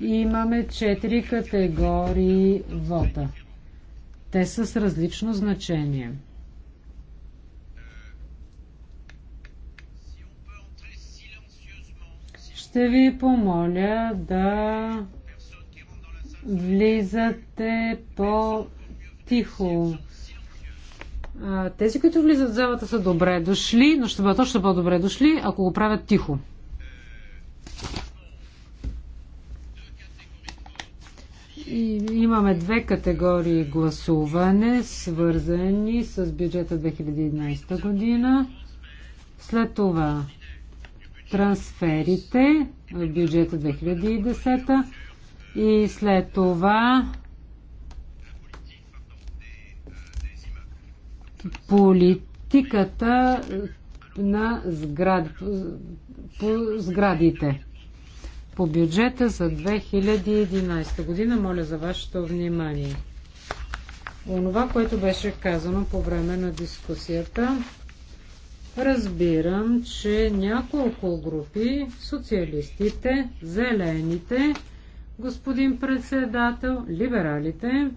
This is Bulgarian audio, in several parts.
имаме четири категории вода. Те са с различно значение. Ще ви помоля да влизате по-тихо. Тези, които влизат в залата са добре дошли, но ще бъдат още по-добре дошли, ако го правят тихо. И имаме две категории гласуване, свързани с бюджета 2011 година. След това трансферите в бюджета 2010 и след това политиката на сград, по сградите по бюджета за 2011 година. Моля за вашето внимание. Онова, което беше казано по време на дискусията, разбирам, че няколко групи, социалистите, зелените, господин председател, либералите,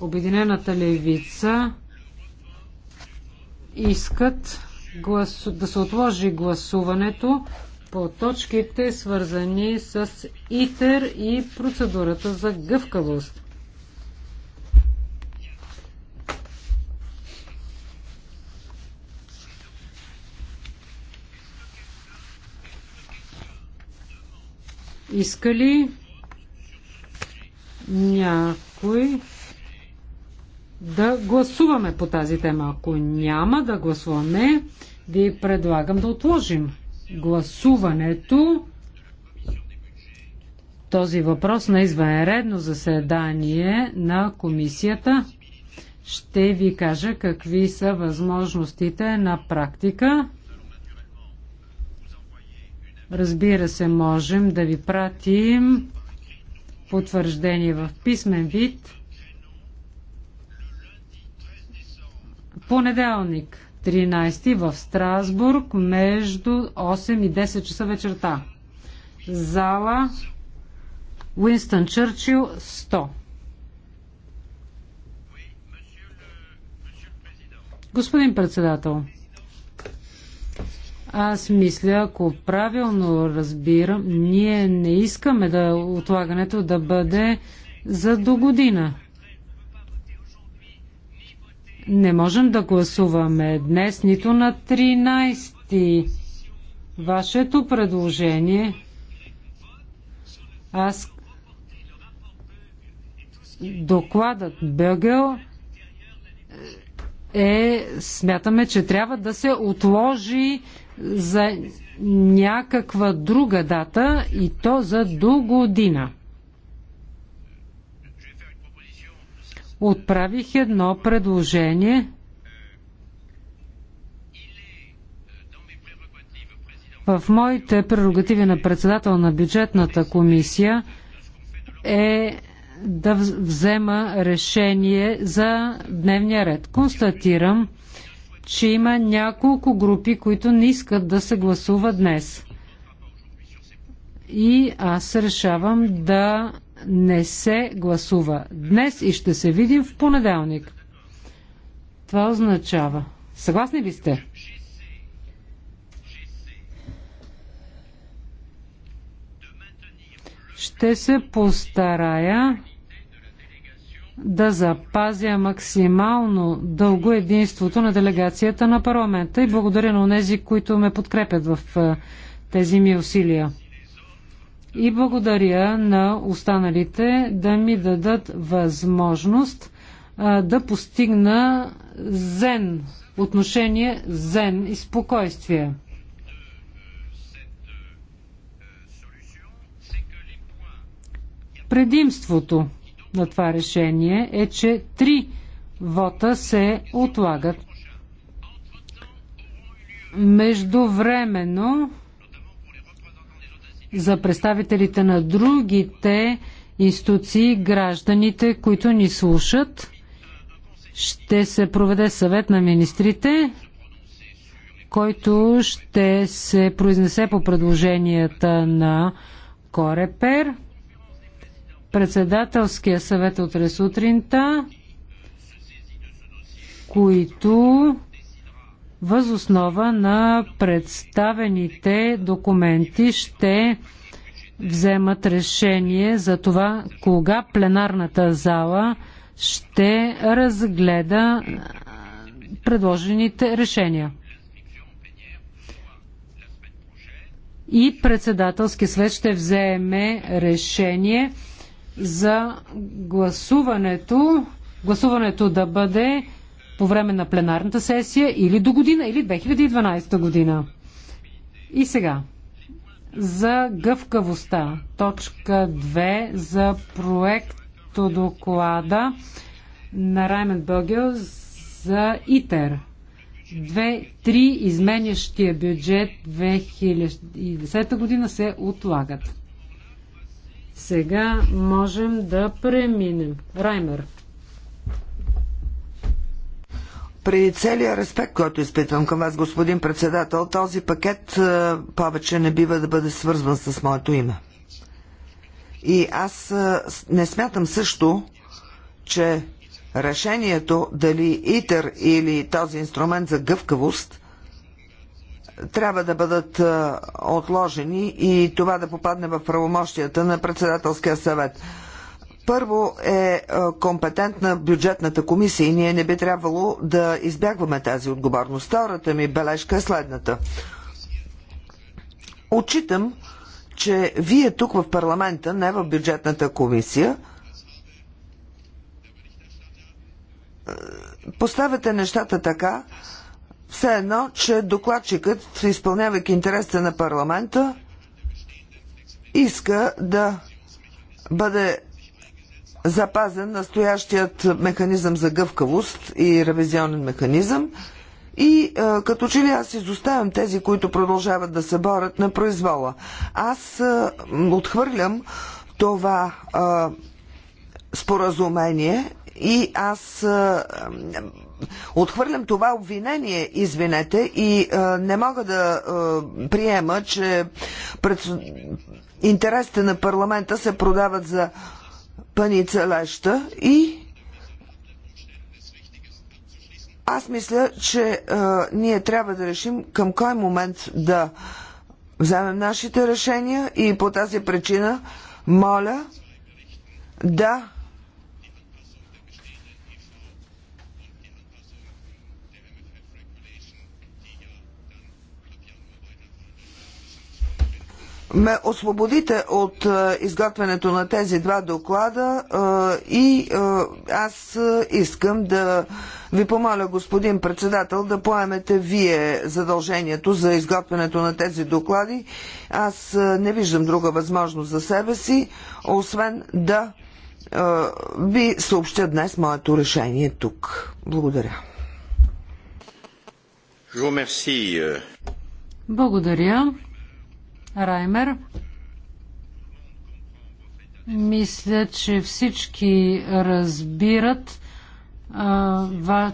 Обединената левица искат гласу... да се отложи гласуването по точките, свързани с ИТЕР и процедурата за гъвкавост. Искали някой да гласуваме по тази тема. Ако няма да гласуваме, ви предлагам да отложим гласуването. Този въпрос на извънредно заседание на комисията ще ви кажа какви са възможностите на практика. Разбира се, можем да ви пратим потвърждение в писмен вид понеделник 13 в Страсбург между 8 и 10 часа вечерта. Зала Уинстън Чърчил 100. Господин председател, аз мисля, ако правилно разбирам, ние не искаме да отлагането да бъде за до година. Не можем да гласуваме днес, нито на 13. Вашето предложение. Аз докладът Бъгъл е, смятаме, че трябва да се отложи за някаква друга дата и то за до година. отправих едно предложение в моите прерогативи на председател на бюджетната комисия е да взема решение за дневния ред. Констатирам, че има няколко групи, които не искат да се гласува днес. И аз решавам да не се гласува днес и ще се видим в понеделник. Това означава. Съгласни ли сте? Ще се постарая да запазя максимално дълго единството на делегацията на парламента и благодаря на тези, които ме подкрепят в тези ми усилия и благодаря на останалите да ми дадат възможност а, да постигна зен, отношение зен и спокойствие. Предимството на това решение е, че три вота се отлагат. Междувременно за представителите на другите институции, гражданите, които ни слушат. Ще се проведе съвет на министрите, който ще се произнесе по предложенията на Корепер. Председателския съвет от е ресутринта, които Възоснова на представените документи ще вземат решение за това кога пленарната зала ще разгледа предложените решения. И председателски свет ще вземе решение за гласуването, гласуването да бъде по време на пленарната сесия или до година, или 2012 година. И сега. За гъвкавостта. Точка 2 за проекто доклада на Раймен Бългел за ИТЕР. 2-3 изменящия бюджет 2010 година се отлагат. Сега можем да преминем. Раймер. При целия респект, който изпитвам към вас, господин председател, този пакет е, повече не бива да бъде свързван с моето име. И аз е, не смятам също, че решението дали ИТЕР или този инструмент за гъвкавост трябва да бъдат е, отложени и това да попадне в правомощията на председателския съвет. Първо е, е компетентна бюджетната комисия и ние не би трябвало да избягваме тази отговорност. Втората ми бележка е следната. Отчитам, че вие тук в парламента, не в бюджетната комисия, поставяте нещата така, все едно, че докладчикът, изпълнявайки интересите на парламента, иска да бъде запазен настоящият механизъм за гъвкавост и ревизионен механизъм. И е, като че ли аз изоставям тези, които продължават да се борят на произвола. Аз е, отхвърлям това е, споразумение и аз е, е отхвърлям това обвинение, извинете, и е, не мога да е, приема, че пред... интересите на парламента се продават за Паница Леща и аз мисля, че а, ние трябва да решим към кой момент да вземем нашите решения и по тази причина моля да ме освободите от е, изготвянето на тези два доклада е, и е, аз искам да ви помоля, господин председател, да поемете вие задължението за изготвянето на тези доклади. Аз не виждам друга възможност за себе си, освен да ви съобщя днес моето решение тук. Благодаря. Благодаря. Раймер. Мисля, че всички разбират а,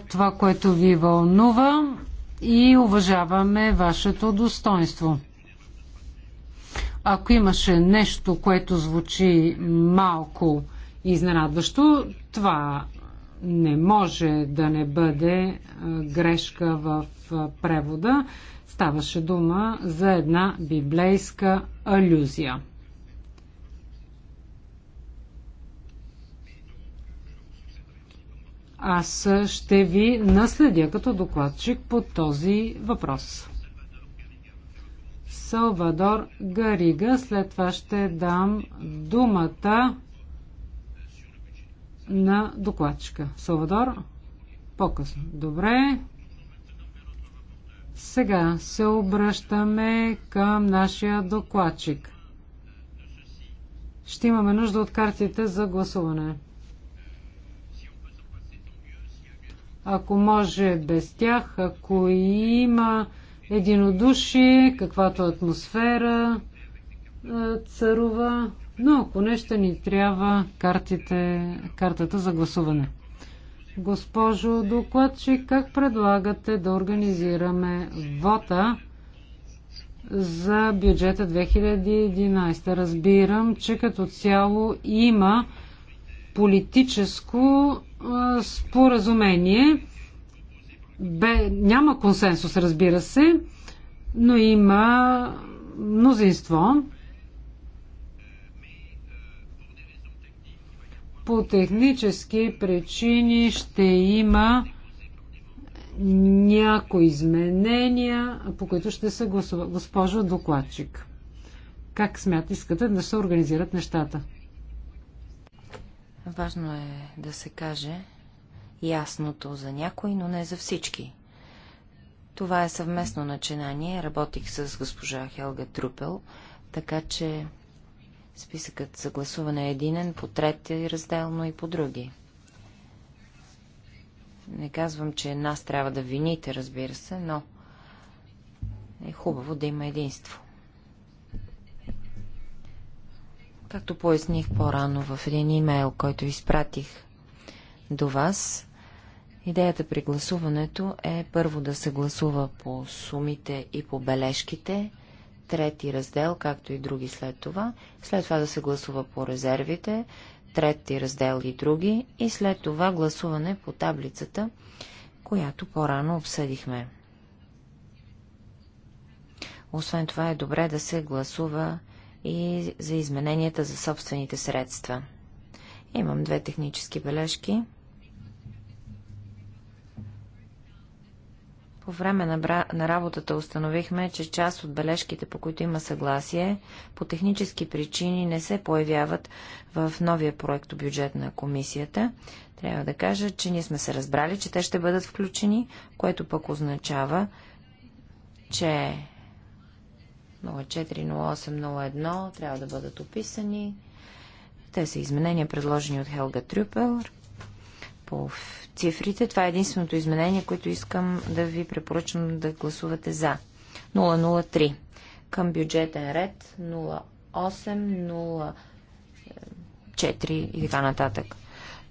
това, което ви вълнува и уважаваме вашето достоинство. Ако имаше нещо, което звучи малко изненадващо, това не може да не бъде грешка в превода. Ставаше дума за една библейска алюзия. Аз ще ви наследя като докладчик по този въпрос. Салвадор Гарига. След това ще дам думата на докладчика. Салвадор, по-късно. Добре. Сега се обръщаме към нашия докладчик. Ще имаме нужда от картите за гласуване. Ако може без тях, ако има единодуши, каквато атмосфера е, царува, но ако не ще ни трябва картите, картата за гласуване. Госпожо докладчик, как предлагате да организираме вота за бюджета 2011? Разбирам, че като цяло има политическо а, споразумение. Бе, няма консенсус, разбира се, но има мнозинство. по технически причини ще има някои изменения, по които ще се гласува. Госпожо докладчик, как смят, искате да се организират нещата? Важно е да се каже ясното за някой, но не за всички. Това е съвместно начинание. Работих с госпожа Хелга Трупел, така че Списъкът за гласуване е единен по третия разделно и по други. Не казвам, че нас трябва да вините, разбира се, но е хубаво да има единство. Както поясних по-рано в един имейл, който изпратих до вас, идеята при гласуването е първо да се гласува по сумите и по бележките, трети раздел, както и други след това, след това да се гласува по резервите, трети раздел и други, и след това гласуване по таблицата, която по-рано обсъдихме. Освен това е добре да се гласува и за измененията за собствените средства. Имам две технически бележки. По време на, бра... на работата установихме, че част от бележките, по които има съгласие, по технически причини не се появяват в новия проект бюджет на комисията. Трябва да кажа, че ние сме се разбрали, че те ще бъдат включени, което пък означава, че 040801 трябва да бъдат описани. Те са изменения, предложени от Хелга Трюпелър по цифрите. Това е единственото изменение, което искам да ви препоръчам да гласувате за. 003. Към бюджетен ред 0804 и така нататък.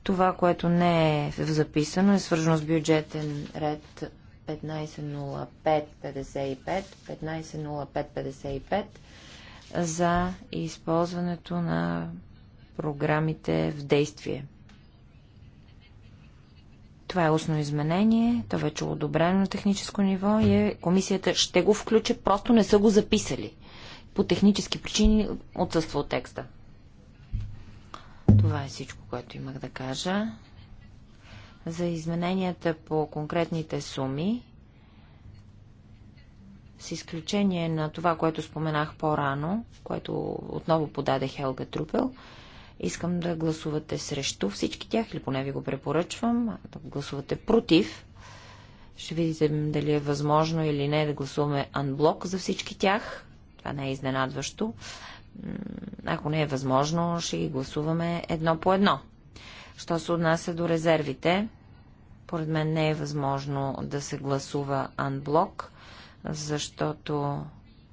Това, което не е записано, е свързано с бюджетен ред 1505-55 за използването на програмите в действие. Това е устно изменение, то вече е одобрено на техническо ниво и е, комисията ще го включи, просто не са го записали. По технически причини отсъства от текста. Това е всичко, което имах да кажа. За измененията по конкретните суми, с изключение на това, което споменах по-рано, което отново подаде Хелга Трупел, Искам да гласувате срещу всички тях, или поне ви го препоръчвам, да гласувате против. Ще видите дали е възможно или не да гласуваме анблок за всички тях. Това не е изненадващо. Ако не е възможно, ще ги гласуваме едно по едно. Що се отнася до резервите, поред мен не е възможно да се гласува анблок, защото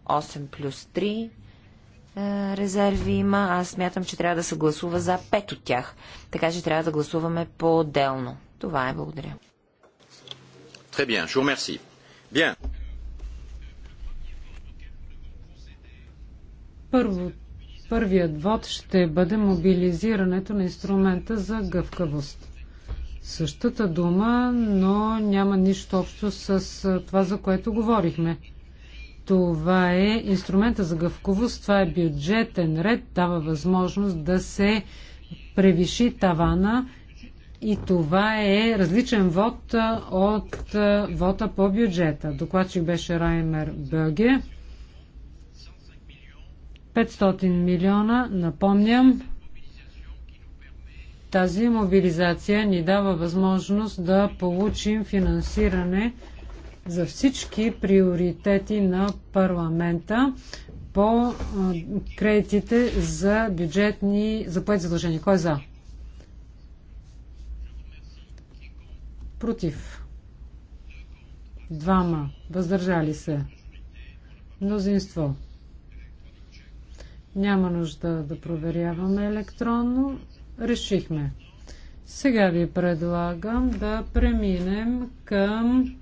8 плюс 3 е, резерви има. Аз смятам, че трябва да се гласува за пет от тях. Така че трябва да гласуваме по-отделно. Това е. Благодаря. Très bien, je vous remercie. Bien. Първо, първият вод ще бъде мобилизирането на инструмента за гъвкавост. Същата дума, но няма нищо общо с това, за което говорихме. Това е инструмента за гъвковост, това е бюджетен ред, дава възможност да се превиши тавана и това е различен вод от вода по бюджета. Докладчик беше Раймер Бълге. 500 милиона, напомням, тази мобилизация ни дава възможност да получим финансиране за всички приоритети на парламента по кредитите за бюджетни за поет задължения. Кой е за? Против. Двама. Въздържали се. Мнозинство. Няма нужда да проверяваме електронно. Решихме. Сега ви предлагам да преминем към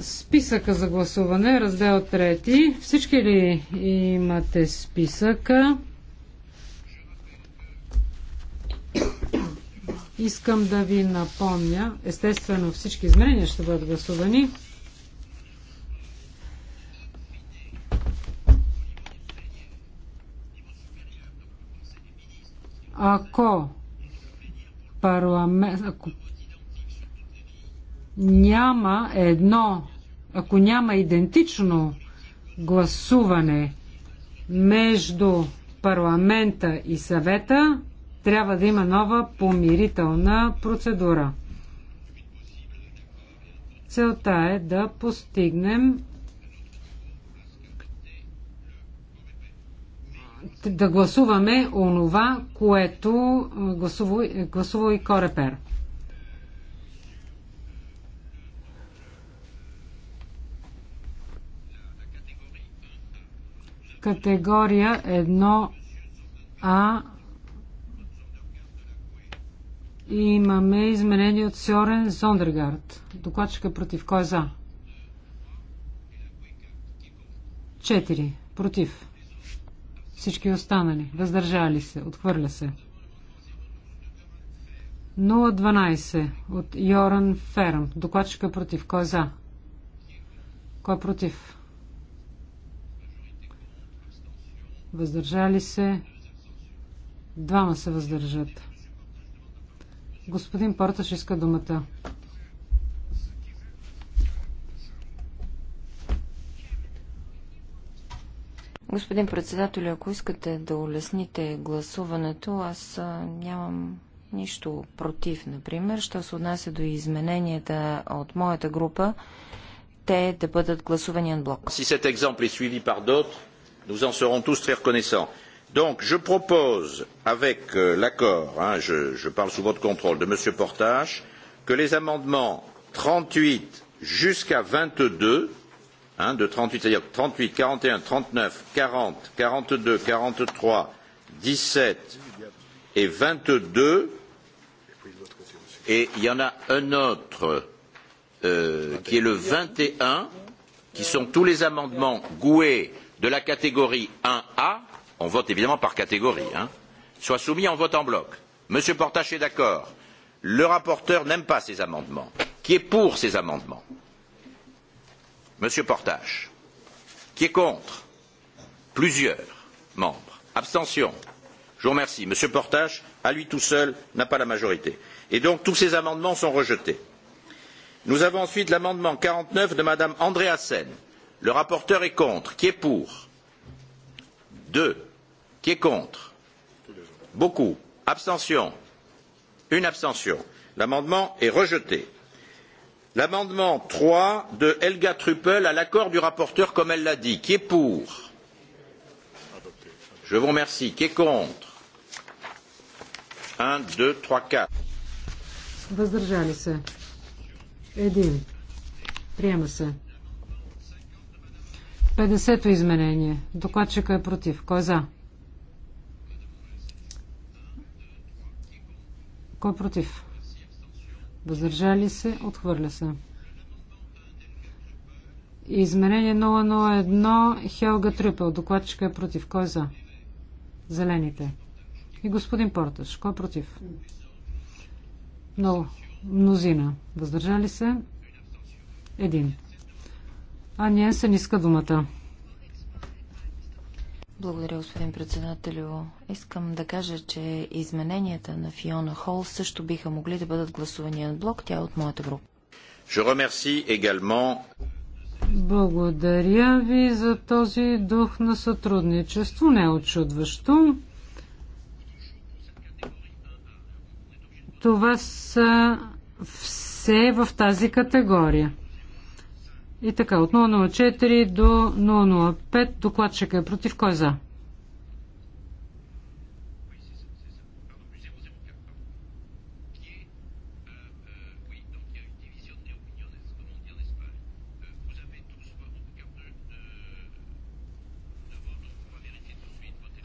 Списъка за гласуване, раздел 3. Всички ли имате списъка? Искам да ви напомня, естествено всички изменения ще бъдат гласувани. Ако, парламент, ако няма едно, ако няма идентично гласуване между парламента и съвета, трябва да има нова помирителна процедура. Целта е да постигнем да гласуваме онова, което гласува, гласува и Корепер. категория 1А имаме изменение от Сьорен Зондергард. Докладчика против. Кой е за? 4. Против. Всички останали. Въздържали се. Отхвърля се. 012 от Йоран Ферм. Докладчика против. Кой е за? Кой е против? въздържали се, двама се въздържат. Господин Порташ иска думата. Господин председател, ако искате да улесните гласуването, аз нямам нищо против, например, що се отнася до измененията от моята група, те да бъдат гласувани анблок. Si cet exemple е suivi par d'autres, Nous en serons tous très reconnaissants. Donc, je propose, avec l'accord, je, parle sous votre contrôle, de M. Portage, que les amendements trente huit jusqu'à vingt deux, de trente c'est-à-dire trente huit, quarante et un, trente neuf, quarante, quarante deux, quarante trois, dix sept et vingt deux, et il y en a un autre qui est le vingt et un, qui sont tous les amendements goués de la catégorie un a on vote évidemment par catégorie soit soumis en vote en bloc. Monsieur Portache est d'accord. Le rapporteur n'aime pas ces amendements. Qui est pour ces amendements Monsieur Portache. Qui est contre Plusieurs membres. Abstention. Je vous remercie. Monsieur Portache, à lui tout seul, n'a pas la majorité. Et donc tous ces amendements sont rejetés. Nous avons ensuite l'amendement quarante neuf de Madame Andréasen Le rapporteur est contre. Qui est pour Deux. Qui est contre Beaucoup. Abstention. Une abstention. L'amendement est rejeté. L'amendement trois de Helga Truppel à l'accord du rapporteur, comme elle l'a dit. Qui est pour Je vous remercie. Qui est contre Un, deux, trois, quatre. Въздържали се. Един. Приема се. 50-то изменение. Докладчика е против. Кой е за? Кой е против? Въздържали се? Отхвърля се. Изменение 001 Хелга Трюпел. Докладчика е против. Кой е за? Зелените. И господин Порташ. Кой е против? Много. Мнозина. Въздържали се? Един. А не, се не иска думата. Благодаря, господин председателю. Искам да кажа, че измененията на Фиона Хол също биха могли да бъдат гласувани на блок. Тя е от моята група. Благодаря ви за този дух на сътрудничество. Не е очудващо. Това са все в тази категория. И така, от 004 до 005 докладчика е против. Кой е за?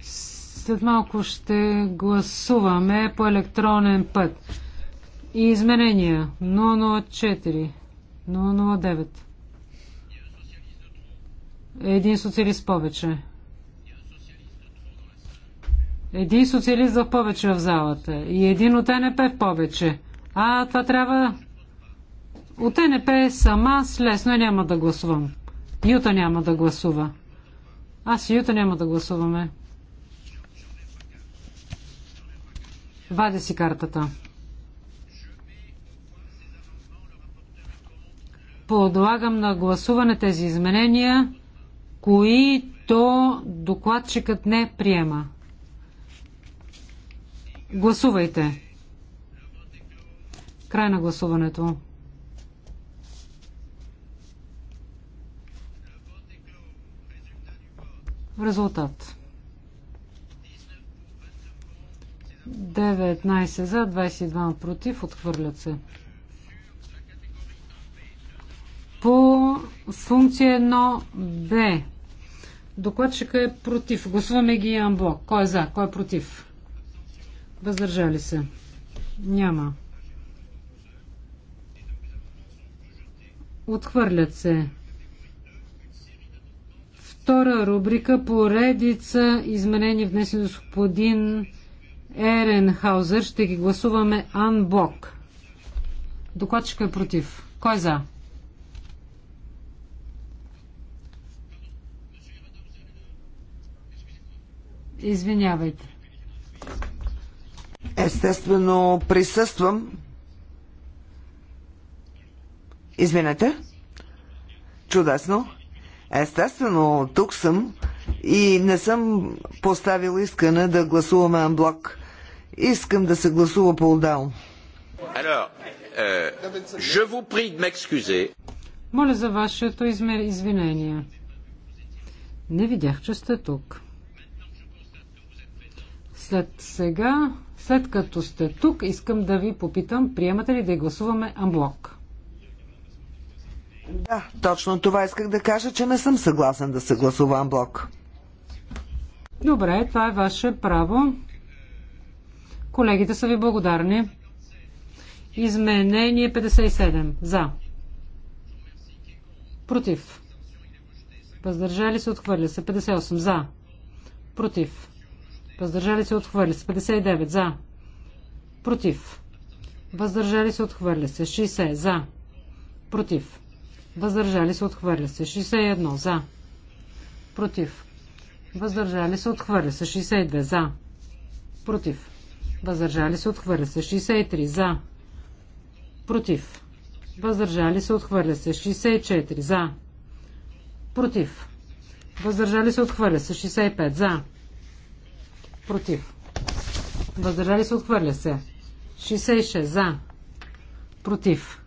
след малко ще гласуваме по електронен път. И изменения 004, 009. Един социалист повече. Един социалист в повече в залата. И един от НП в повече. А това трябва... От НП сама с лесно и няма да гласувам. Юта няма да гласува. Аз и Юта няма да гласуваме. Вади си картата. Подлагам на гласуване тези изменения които докладчикът не приема. Гласувайте. Край на гласуването. Резултат. 19 за, 22 против, отхвърлят се. По функция 1 Б Докладчика е против. Гласуваме ги анблок. Кой е за? Кой е против? Въздържали се. Няма. Отхвърлят се. Втора рубрика поредица изменени внесени до господин Еренхаузер. Ще ги гласуваме анблок. Докладчика е против. Кой е за? Извинявайте. Естествено присъствам. Извинете. Чудесно. Естествено, тук съм и не съм поставил искане да гласуваме анблок. Искам да се гласува по-отдално. Euh, Моля за вашето извинение. Не видях, че сте тук. След сега, след като сте тук, искам да ви попитам, приемате ли да гласуваме амблок? Да, точно това исках да кажа, че не съм съгласен да се гласува амблок. Добре, това е ваше право. Колегите са ви благодарни. Изменение 57. За. Против. Въздържали се, отхвърля се. 58. За. Против. Въздържали се отхвърля се. 59 за. Против. Въздържали се отхвърля се. 60 за. Против. Въздържали се отхвърля се. 61 за. Против. Въздържали се отхвърля се. 62 за. Против. Въздържали се отхвърля се. 63 за. Против. Въздържали се отхвърля се. 64 за. Против. Въздържали се отхвърля се. 65 за. Против. Въздържали се. Отхвърля се. 66. За. Против.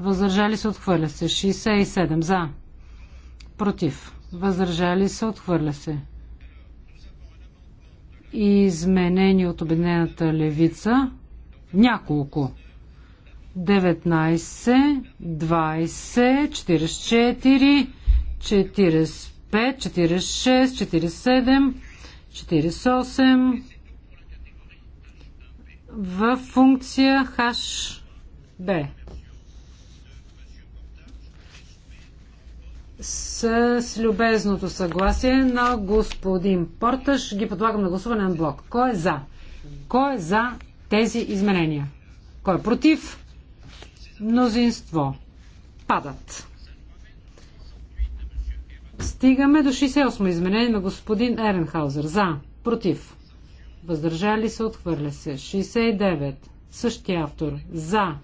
Въздържали се. Отхвърля се. 67. За. Против. Въздържали се. Отхвърля се. Изменени от Обединената левица. Няколко. 19, 20, 44, 45, 46, 47, 48 в функция HB. С любезното съгласие на господин Порташ ги подлагам на гласуване на блок. Кой е за? Кой е за тези изменения? Кой е против? Мнозинство. Падат. Стигаме до 68 изменение на господин Еренхаузер. За. Против. Въздържали се. Отхвърля се. 69. Същия автор. За.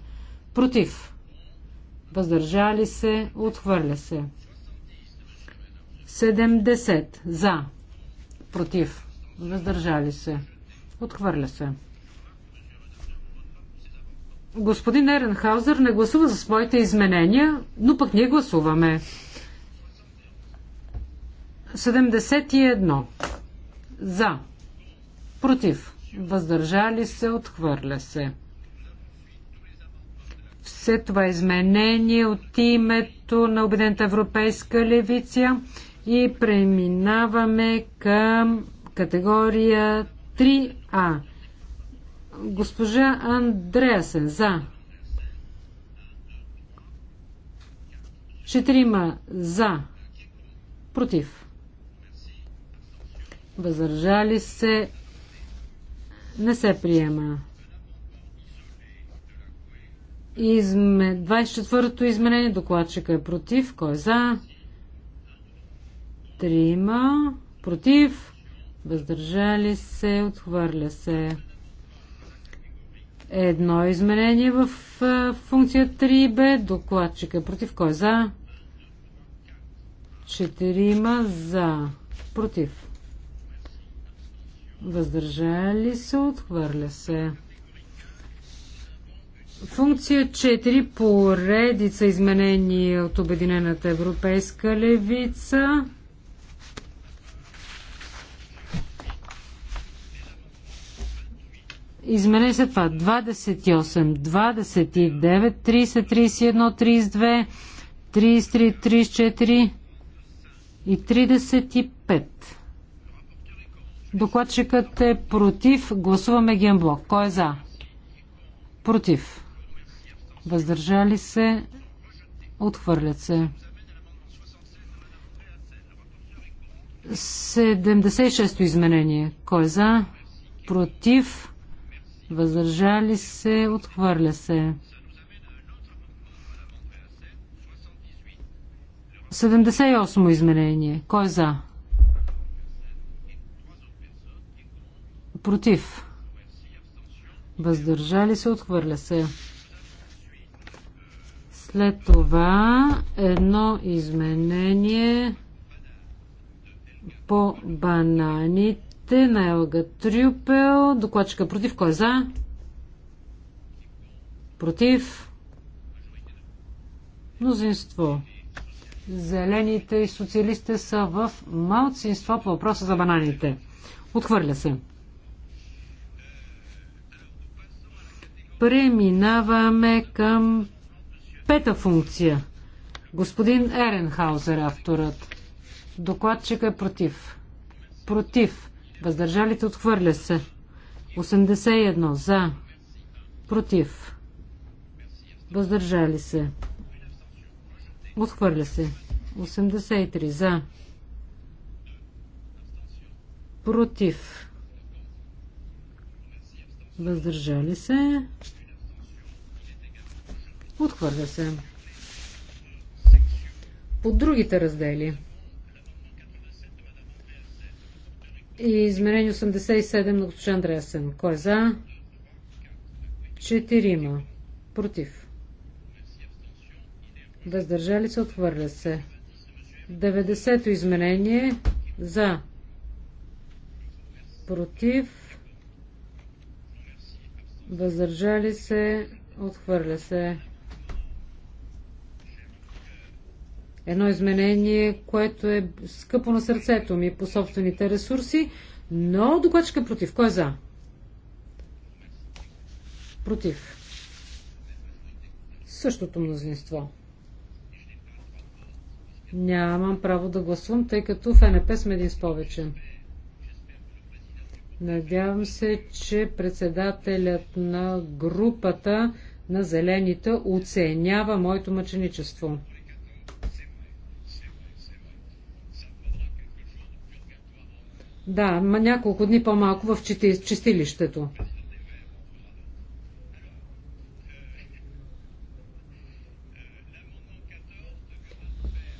Против. Въздържали се. Отхвърля се. 70. За. Против. Въздържали се. Отхвърля се. Господин Еренхаузер не гласува за своите изменения, но пък ние гласуваме. 71. За. Против. Въздържали се. Отхвърля се. Все това изменение от името на Обедената европейска левиция и преминаваме към категория 3А. Госпожа Андреасен за. Четирима за. Против. Въздържали се. Не се приема. Изме... 24-то изменение. Докладчика е против. Кой е за? Трима. Против. Въздържали се. Отхвърля се. Едно изменение в функция 3b. Докладчика е против. Кой е за? Четирима за. Против въздържали се, отхвърля се. Функция 4 поредица изменения от Обединената европейска левица. Измене се това 28, 29, 30, 31, 32, 33, 34 и 35. Докладчикът е против. Гласуваме генблок. Кой е за? Против. Въздържали се. Отхвърлят се. 76-то изменение. Кой е за? Против. Въздържали се. Отхвърля се. 78-о изменение. Кой е за? Против. Въздържали се, отхвърля се. След това едно изменение по бананите на Елга Трюпел. Докладчика против. Кой е за? Против. Мнозинство. Зелените и социалистите са в малцинство по въпроса за бананите. Отхвърля се. Преминаваме към пета функция. Господин Еренхаузер, авторът. Докладчик е против. Против. Въздържалите отхвърля се. 81. За. Против. Въздържали се. Отхвърля се. 83. За. Против въздържали се, отхвърля се. По другите раздели. И измерение 87 на госпожа Андреасен. Кой е за? Четирима. Против. Въздържали се, отхвърля се. 90-то изменение за. Против въздържали се, отхвърля се. Едно изменение, което е скъпо на сърцето ми по собствените ресурси, но докладчика е против. Кой е за? Против. Същото мнозинство. Нямам право да гласувам, тъй като в НП сме един с повече. Надявам се, че председателят на групата на зелените оценява моето мъченичество. Да, ма няколко дни по-малко в чистилището.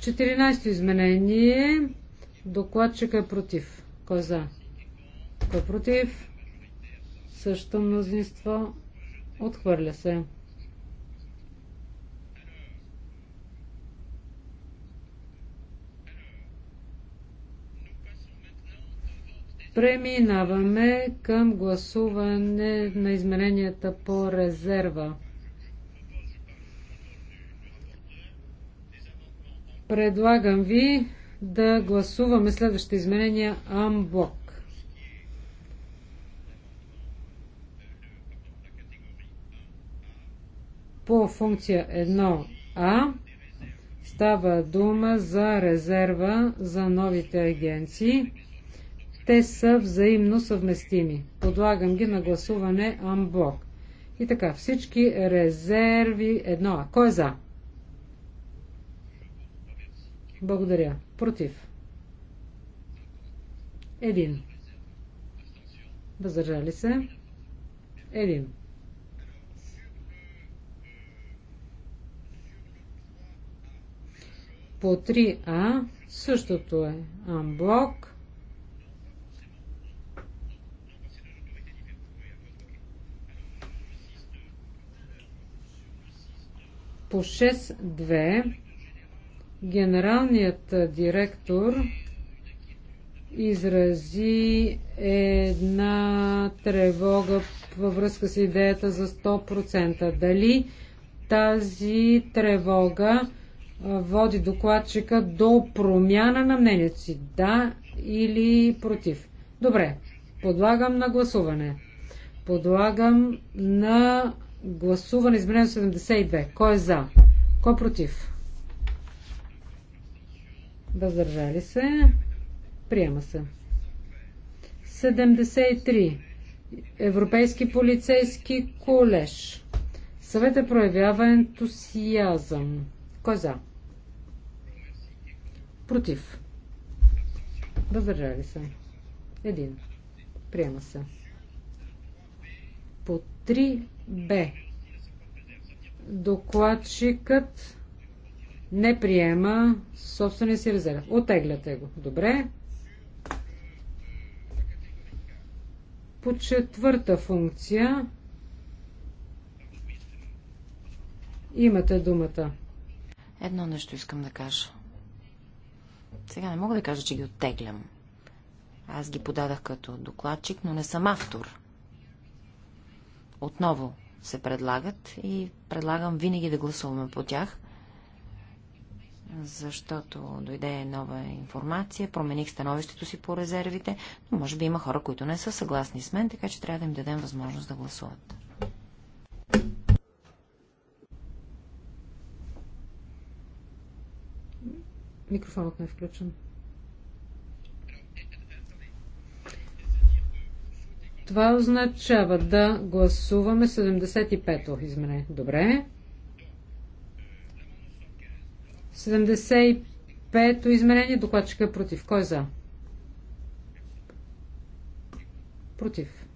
Четиринайсто изменение. Докладчика е против. Кой е за? Кто против? Също мнозинство. Отхвърля се. Преминаваме към гласуване на измененията по резерва. Предлагам ви да гласуваме следващите изменения Амблок. По функция 1А става дума за резерва за новите агенции. Те са взаимно съвместими. Подлагам ги на гласуване Амблок. И така, всички резерви 1А. Кой е за? Благодаря. Против. Един. Въздържали се. Един. По 3А същото е Анблок. По 6.2 генералният директор изрази една тревога във връзка с идеята за 100%. Дали тази тревога води докладчика до промяна на мнението си. Да или против. Добре. Подлагам на гласуване. Подлагам на гласуване изменено 72. Кой е за? Кой е против? Въздържали се. Приема се. 73. Европейски полицейски колеж. Съвета е проявява ентусиазъм. Кой е за? Против. Въздържали се. Един. Приема се. По 3Б. Докладчикът не приема собствения си резерв. Отегляте го. Добре. По четвърта функция имате думата. Едно нещо искам да кажа. Сега не мога да кажа, че ги оттеглям. Аз ги подадах като докладчик, но не съм автор. Отново се предлагат и предлагам винаги да гласуваме по тях, защото дойде нова информация, промених становището си по резервите, но може би има хора, които не са съгласни с мен, така че трябва да им дадем възможност да гласуват. Микрофонът не е включен. Това означава да гласуваме 75-то изменение. Добре. 75-то изменение. Докладчика е против. Кой е за? Против.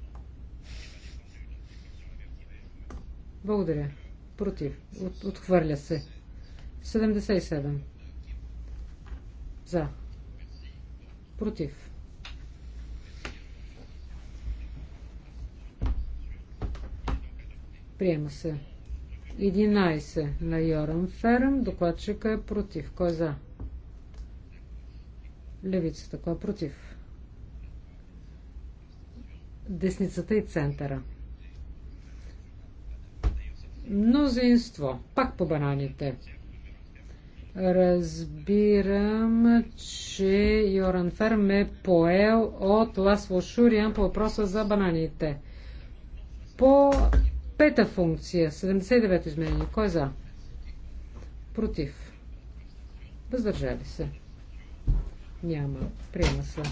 Благодаря. Против. От, отхвърля се. 77. За. Против. Приема се. 11 на Йоран Ферм. Докладчика е против. Кой е за? Левицата. Кой е против? Десницата и центъра. Мнозинство. Пак по бананите. Разбирам, че Йоран Ферм е поел от Ласло Шуриан по въпроса за бананите. По пета функция, 79 изменение. Кой е за? Против. Въздържали се. Няма. Приема се.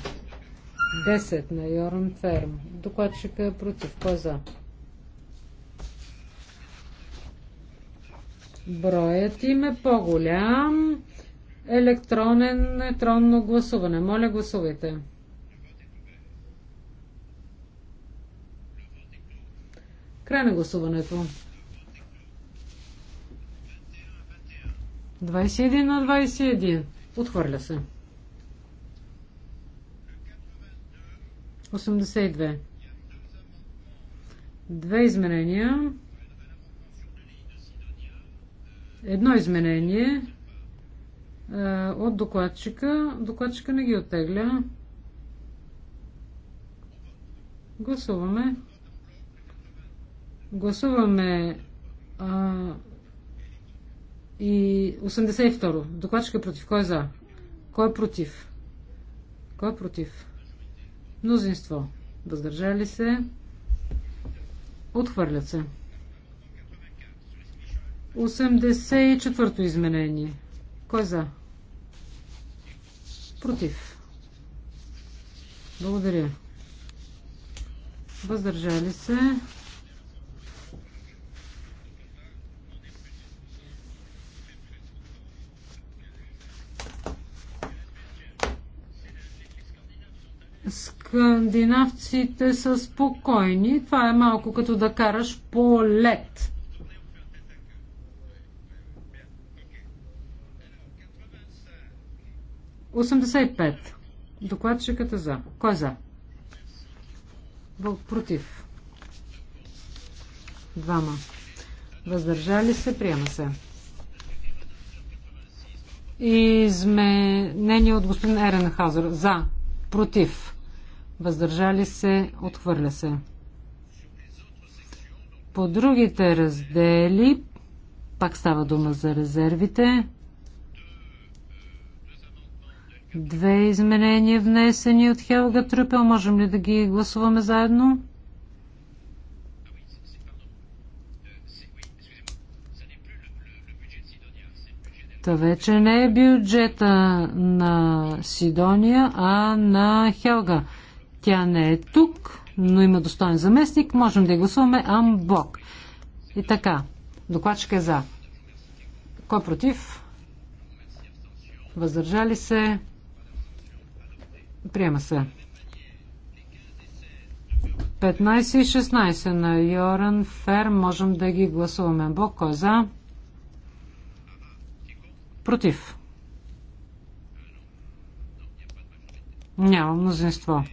10 на Йоран Ферм. Докладчика е против. Кой е за? Броят им е по-голям. Електронен, електронно гласуване. Моля, гласувайте. Край на гласуването. 21 на 21. Отхвърля се. 82. Две изменения. Едно изменение от докладчика. Докладчика не ги оттегля. Гласуваме. Гласуваме и 82. Докладчика против. Кой е за? Кой е против? Кой е против? Мнозинство. Въздържали се. Отхвърлят се. 84-то изменение. Кой е за? Против. Благодаря. Въздържали се. Скандинавците са спокойни. Това е малко като да караш по лед. 85. Докладчиката е за. Кой е за? Против. Двама. Въздържали се, приема се. Изменение от господин Еренхаузер. За. Против. Въздържали се, отхвърля се. По другите раздели пак става дума за резервите. Две изменения внесени от Хелга Трюпел. Можем ли да ги гласуваме заедно? Та вече не е бюджета на Сидония, а на Хелга. Тя не е тук, но има достоен заместник. Можем да я гласуваме Амбок. И така, докладчик е за. Кой е против? Въздържали се? Приема се. 15 и 16 на Йоран Фер. Можем да ги гласуваме. Бог кой е за? Против. Няма мнозинство.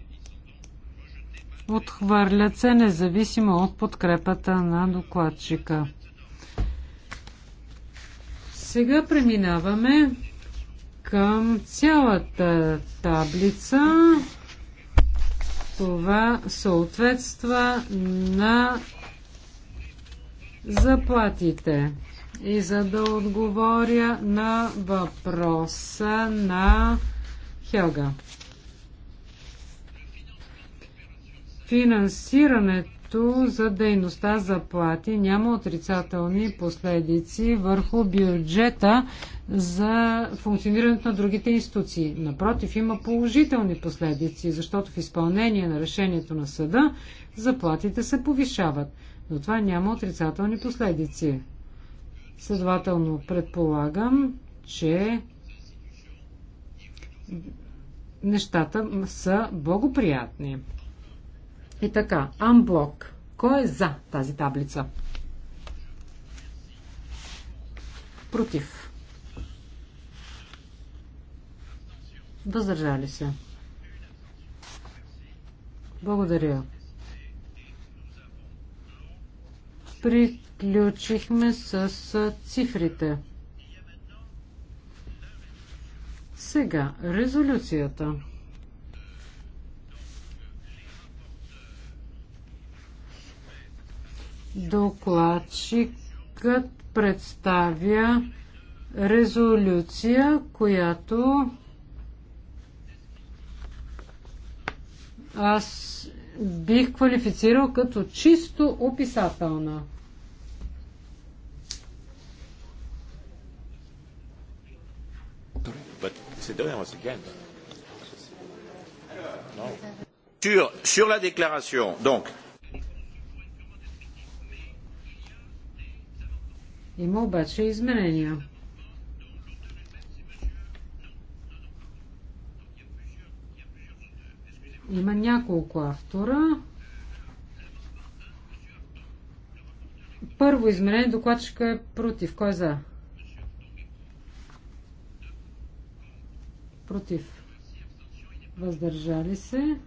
Отхвърлят се независимо от подкрепата на докладчика. Сега преминаваме към цялата таблица. Това съответства на заплатите. И за да отговоря на въпроса на Хелга. Финансирането Решението за дейността за плати няма отрицателни последици върху бюджета за функционирането на другите институции. Напротив, има положителни последици, защото в изпълнение на решението на съда заплатите се повишават, но това няма отрицателни последици. Следователно, предполагам, че нещата са благоприятни. И така, амблок. Кой е за тази таблица? Против. Въздържали се. Благодаря. Приключихме с цифрите. Сега резолюцията. Докладчикът представя резолюция, която аз бих квалифицирал като чисто описателна. Sur, sur la déclaration, donc, Има обаче изменения. Има няколко автора. Първо изменение докладчика е против. Кой е за? Против. Въздържали се.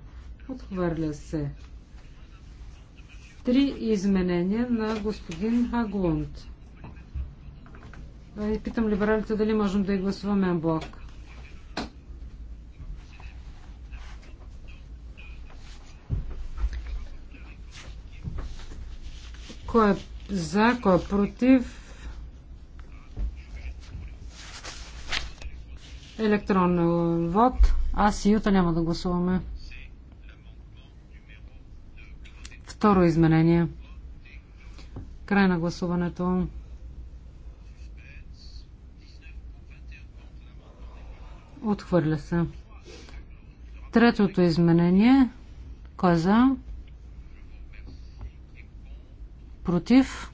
Отхвърля се. Три изменения на господин Хаглунд. И питам либералите дали можем да и гласуваме блок. Кой е за, кой е против? Електронен вод. Аз и Юта няма да гласуваме. Второ изменение. Край на гласуването. Отхвърля се. Третото изменение. Кой е за? Против?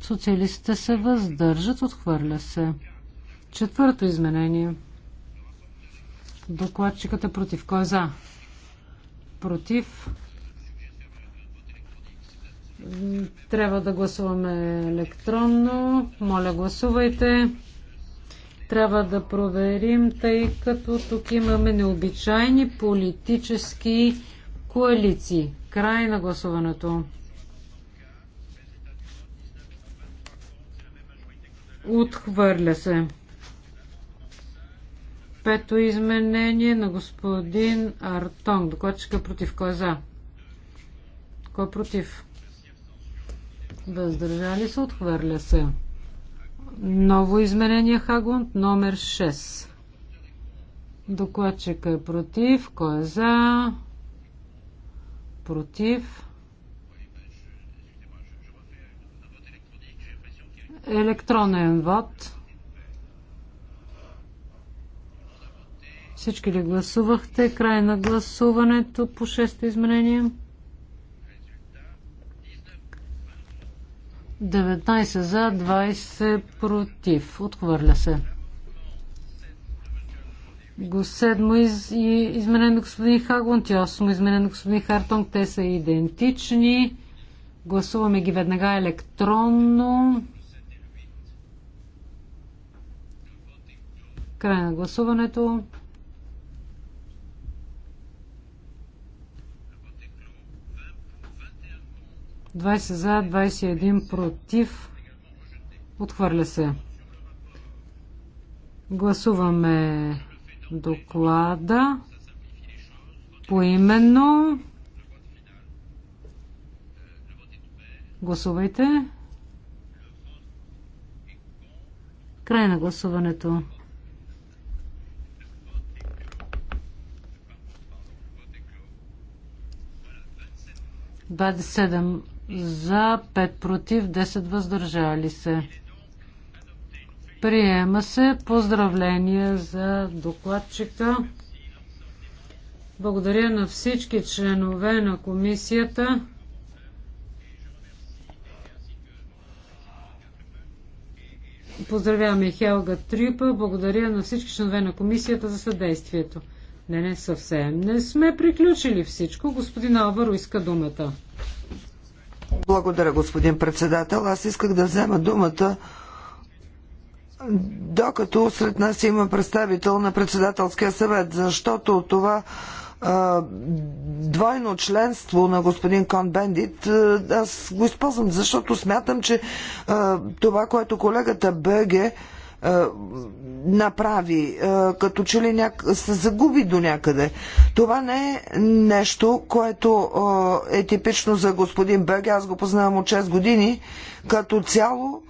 Социалистите се въздържат. Отхвърля се. Четвърто изменение. Докладчикът е против. Кой е за? Против. Трябва да гласуваме електронно. Моля, гласувайте трябва да проверим, тъй като тук имаме необичайни политически коалиции. Край на гласуването. Отхвърля се. Пето изменение на господин Артон. Докладчика против. Кой е за? Кой е против? Въздържали се. Отхвърля се. Ново изменение Хагунд номер 6. Докладчика е против. Кой е за? Против. Електронен вод. Всички ли гласувахте? Край на гласуването по 6 изменение. 19 за, 20 против. Отхвърля се. Го седмо из, и изменено господин Хагунт и осмо изменено господин Хартонг. Те са идентични. Гласуваме ги веднага електронно. Край на гласуването. 20 за, 21 против. Отхвърля се. Гласуваме доклада поименно. Гласувайте. Край на гласуването. Двадесет за 5 против 10 въздържали се. Приема се. Поздравления за докладчика. Благодаря на всички членове на комисията. Поздравяваме Хелга Трипа. Благодаря на всички членове на комисията за съдействието. Не, не, съвсем не сме приключили всичко. Господин Алваро иска думата. Благодаря, господин председател. Аз исках да взема думата докато сред нас има представител на председателския съвет, защото това двойно членство на господин Кон Бендит, аз го използвам, защото смятам, че това, което колегата Бъге е, направи, е, като че ли няк... се загуби до някъде. Това не е нещо, което е, е типично за господин Беге. Аз го познавам от 6 години. Като цяло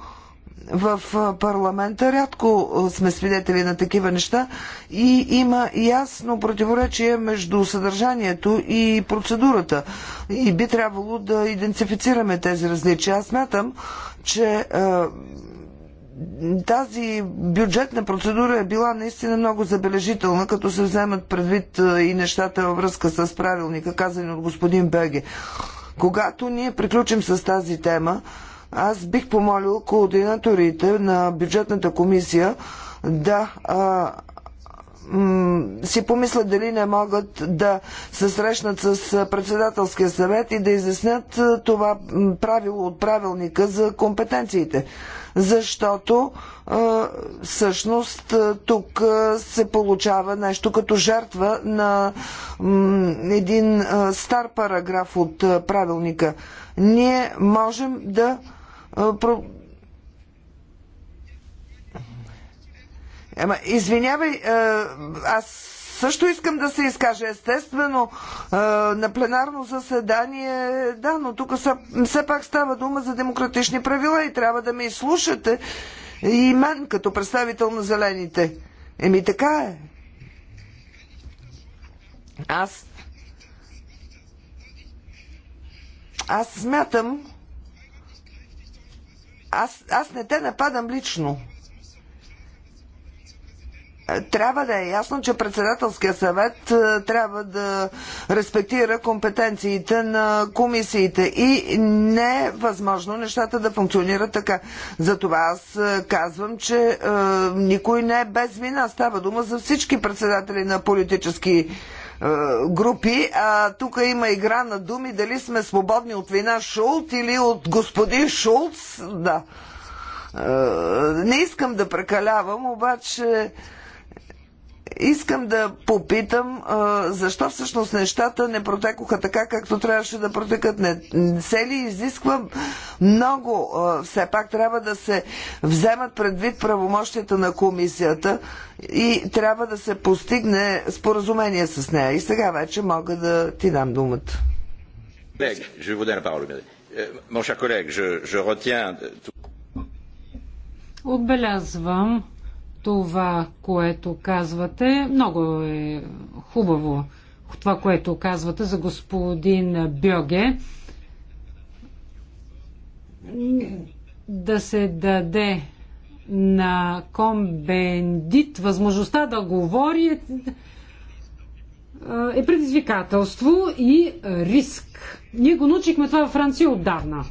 в парламента рядко сме свидетели на такива неща и има ясно противоречие между съдържанието и процедурата. И би трябвало да идентифицираме тези различия. Аз смятам, че тази бюджетна процедура е била наистина много забележителна, като се вземат предвид и нещата във връзка с правилника, казани от господин Беге. Когато ние приключим с тази тема, аз бих помолил координаторите на бюджетната комисия да а, си помислят дали не могат да се срещнат с председателския съвет и да изяснят това правило от правилника за компетенциите защото всъщност тук се получава нещо като жертва на един стар параграф от правилника. Ние можем да Ама, извинявай, аз също искам да се изкаже. Естествено, е, на пленарно заседание, да, но тук все пак става дума за демократични правила и трябва да ме изслушате и мен като представител на зелените. Еми така е. Аз. Аз смятам. Аз, аз не те нападам лично трябва да е ясно, че председателския съвет е, трябва да респектира компетенциите на комисиите и не е възможно нещата да функционират така. Затова аз е, казвам, че е, никой не е без вина. Става дума за всички председатели на политически е, групи, а тук има игра на думи, дали сме свободни от вина Шулт или от господин Шулц, да. Не искам да прекалявам, обаче Искам да попитам защо всъщност нещата не протекоха така, както трябваше да протекат. Не, се ли изисква много? Все пак трябва да се вземат предвид правомощията на комисията и трябва да се постигне споразумение с нея. И сега вече мога да ти дам думата. Е, Отбелязвам това, което казвате. Много е хубаво това, което казвате за господин Бьоге. Да се даде на комбендит възможността да говори е, е предизвикателство и риск. Ние го научихме това във Франция отдавна.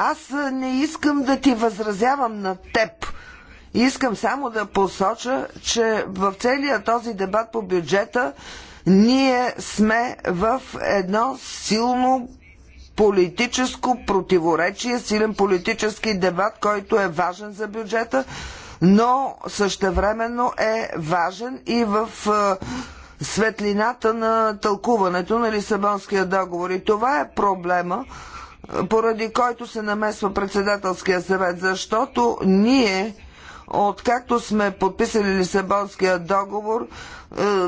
Аз не искам да ти възразявам на теб. Искам само да посоча, че в целия този дебат по бюджета ние сме в едно силно политическо противоречие, силен политически дебат, който е важен за бюджета, но същевременно е важен и в е, светлината на тълкуването на Лисабонския договор. И това е проблема, поради който се намесва председателския съвет, защото ние, откакто сме подписали Лисабонския договор, е,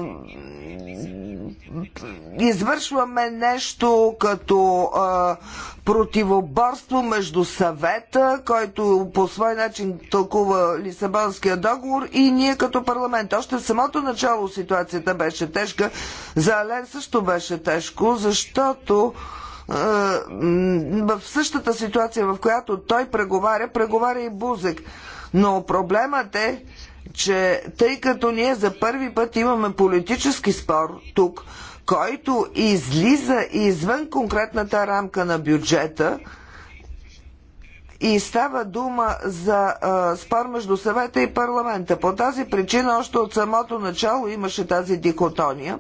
извършваме нещо като е, противоборство между съвета, който по свой начин тълкува Лисабонския договор и ние като парламент. Още в самото начало ситуацията беше тежка. За Ален също беше тежко, защото в същата ситуация, в която той преговаря, преговаря и Бузек. Но проблемът е, че тъй като ние за първи път имаме политически спор тук, който излиза извън конкретната рамка на бюджета, и става дума за а, спор между съвета и парламента. По тази причина още от самото начало имаше тази дикотония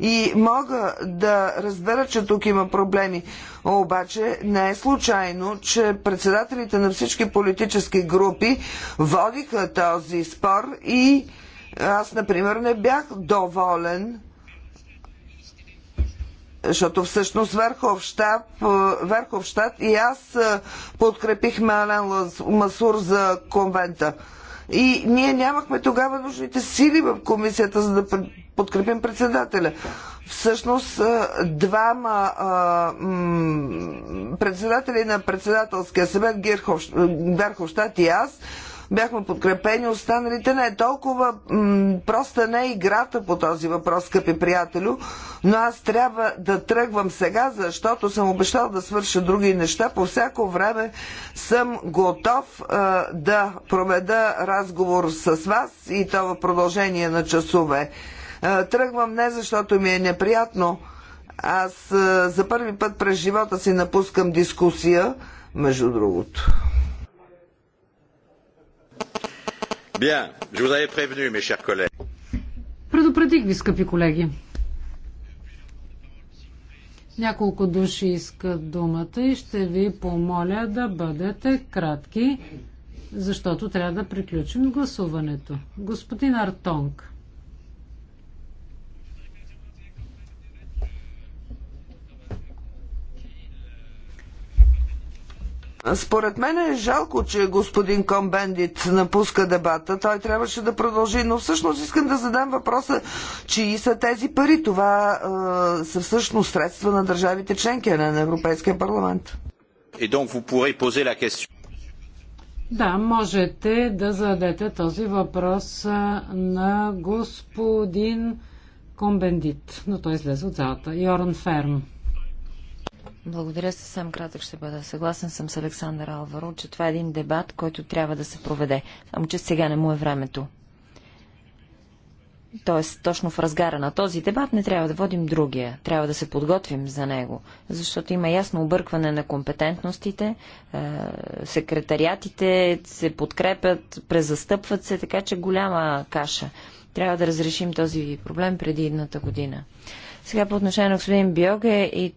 и мога да разбера, че тук има проблеми. Обаче не е случайно, че председателите на всички политически групи водиха този спор и аз, например, не бях доволен защото всъщност Верховщаб, Верховщад и аз подкрепихме Ален Масур за конвента. И ние нямахме тогава нужните сили в комисията, за да подкрепим председателя. Всъщност, двама председатели на председателския съвет, Герхов, и аз, бяхме подкрепени, останалите не. Толкова м- проста не е играта по този въпрос, скъпи приятелю, но аз трябва да тръгвам сега, защото съм обещал да свърша други неща. По всяко време съм готов а, да проведа разговор с вас и то в продължение на часове. А, тръгвам не защото ми е неприятно. Аз а, за първи път през живота си напускам дискусия, между другото. Предупредих ви, скъпи колеги. Няколко души искат думата и ще ви помоля да бъдете кратки, защото трябва да приключим гласуването. Господин Артонг. Според мен е жалко, че господин Комбендит напуска дебата. Той трябваше да продължи, но всъщност искам да задам въпроса, чии са тези пари. Това е, са всъщност средства на държавите членки, а не на Европейския парламент. И Да, можете да зададете този въпрос на господин Комбендит, но той излезе от залата. Йоран Ферм. Благодаря, съвсем кратък ще бъда. Съгласен съм с Александър Алваро, че това е един дебат, който трябва да се проведе. Само, че сега не му е времето. Тоест, точно в разгара на този дебат не трябва да водим другия. Трябва да се подготвим за него. Защото има ясно объркване на компетентностите, е, секретариатите се подкрепят, презастъпват се, така че голяма каша. Трябва да разрешим този проблем преди едната година. Сега по отношение на господин Биоге и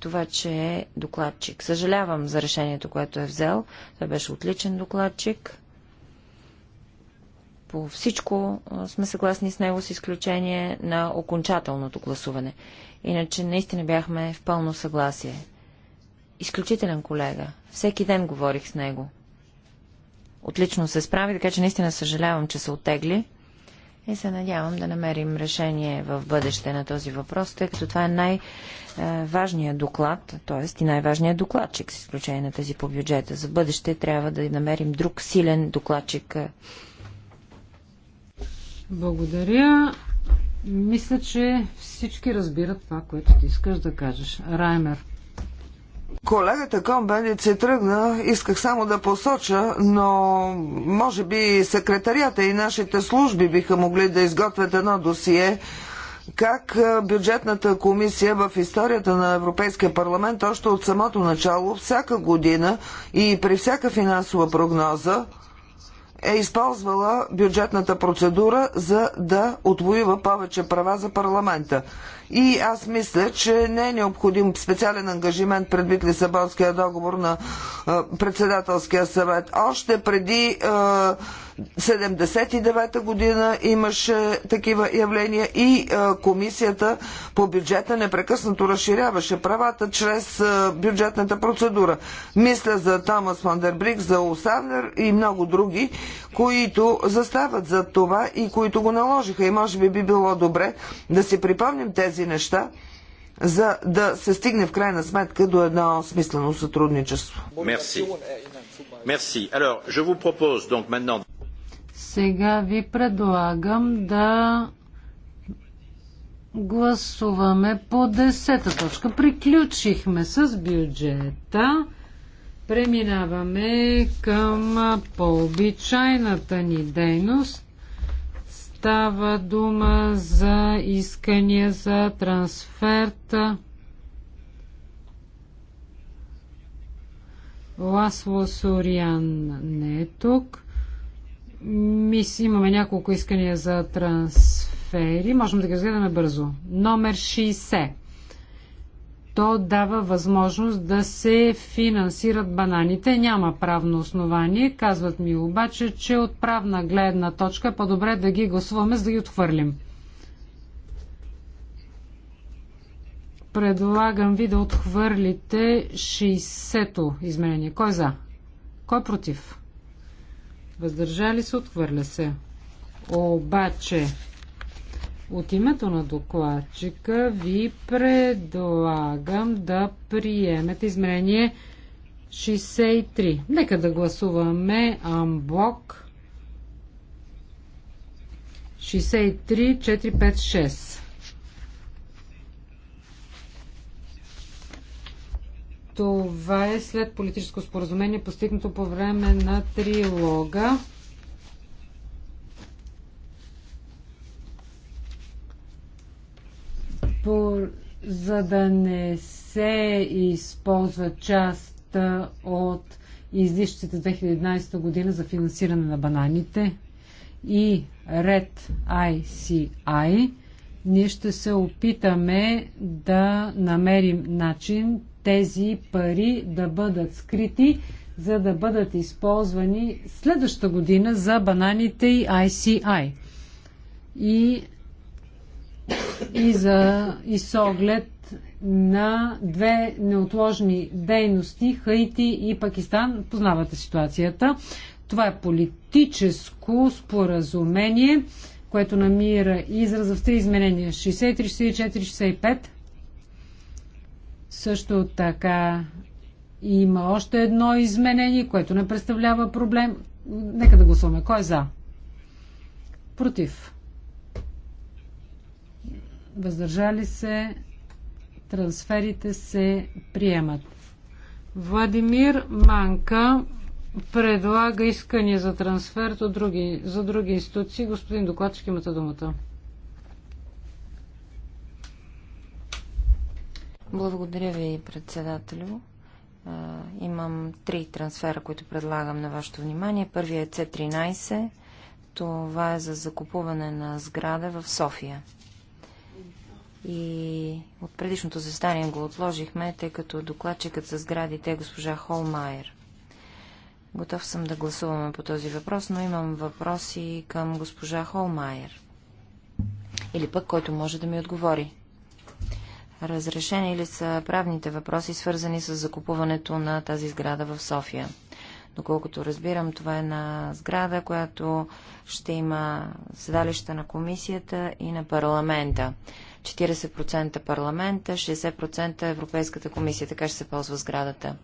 това, че е докладчик. Съжалявам за решението, което е взел. Той беше отличен докладчик. По всичко сме съгласни с него, с изключение на окончателното гласуване. Иначе наистина бяхме в пълно съгласие. Изключителен колега. Всеки ден говорих с него. Отлично се справи, така че наистина съжалявам, че се отегли. И се надявам да намерим решение в бъдеще на този въпрос, тъй като това е най-важният е, доклад, т.е. и най-важният докладчик, с изключение на тези по бюджета. За бъдеще трябва да намерим друг силен докладчик. Благодаря. Мисля, че всички разбират това, което ти искаш да кажеш. Раймер. Колегата Комбенит се тръгна, исках само да посоча, но може би секретарията и нашите служби биха могли да изготвят едно досие, как е, бюджетната комисия в историята на Европейския парламент още от самото начало, всяка година и при всяка финансова прогноза е използвала бюджетната процедура за да отвоюва повече права за парламента. И аз мисля, че не е необходим специален ангажимент предвид Лисабонския договор на председателския съвет. Още преди 79-та година имаше такива явления и комисията по бюджета непрекъснато разширяваше правата чрез бюджетната процедура. Мисля за Томас Вандербрик, за Осавнер и много други, които застават за това и които го наложиха. И може би би било добре да си припомним тези тези неща, за да се стигне в крайна сметка до едно смислено сътрудничество. Мерси. Мерси. Alors, je vous propose donc maintenant... Сега ви предлагам да гласуваме по 10 точка. Приключихме с бюджета. Преминаваме към по-обичайната ни дейност Става дума за искания за трансферта. Ласло Сориан не е тук. Мис, имаме няколко искания за трансфери. Можем да ги разгледаме бързо. Номер 60 то дава възможност да се финансират бананите. Няма правно основание. Казват ми обаче, че от правна гледна точка по-добре да ги гласуваме, за да ги отхвърлим. Предлагам ви да отхвърлите 60-то изменение. Кой е за? Кой е против? Въздържали се, отхвърля се. Обаче, от името на докладчика ви предлагам да приемете изменение 63. Нека да гласуваме амблок 63 456. Това е след политическо споразумение, постигнато по време на трилога. за да не се използва част от излишците 2011 година за финансиране на бананите и ред ICI, ние ще се опитаме да намерим начин тези пари да бъдат скрити, за да бъдат използвани следващата година за бананите и ICI. И и, за, и с оглед на две неотложни дейности Хаити и Пакистан. Познавате ситуацията. Това е политическо споразумение, което намира израз в три изменения 63, 64, 65. Също така има още едно изменение, което не представлява проблем. Нека да гласуваме. Кой е за? Против въздържали се, трансферите се приемат. Владимир Манка предлага искания за трансфер от други, за други институции. Господин докладчик, имате думата. Благодаря ви, председателю. Имам три трансфера, които предлагам на вашето внимание. Първият е C13. Това е за закупуване на сграда в София и от предишното застание го отложихме, тъй като докладчикът за сградите е госпожа Холмайер. Готов съм да гласуваме по този въпрос, но имам въпроси към госпожа Холмайер. Или пък, който може да ми отговори. Разрешени ли са правните въпроси, свързани с закупуването на тази сграда в София? Доколкото разбирам, това е една сграда, която ще има седалища на комисията и на парламента. 40% парламента, 60% Европейската комисия. Така ще се ползва сградата.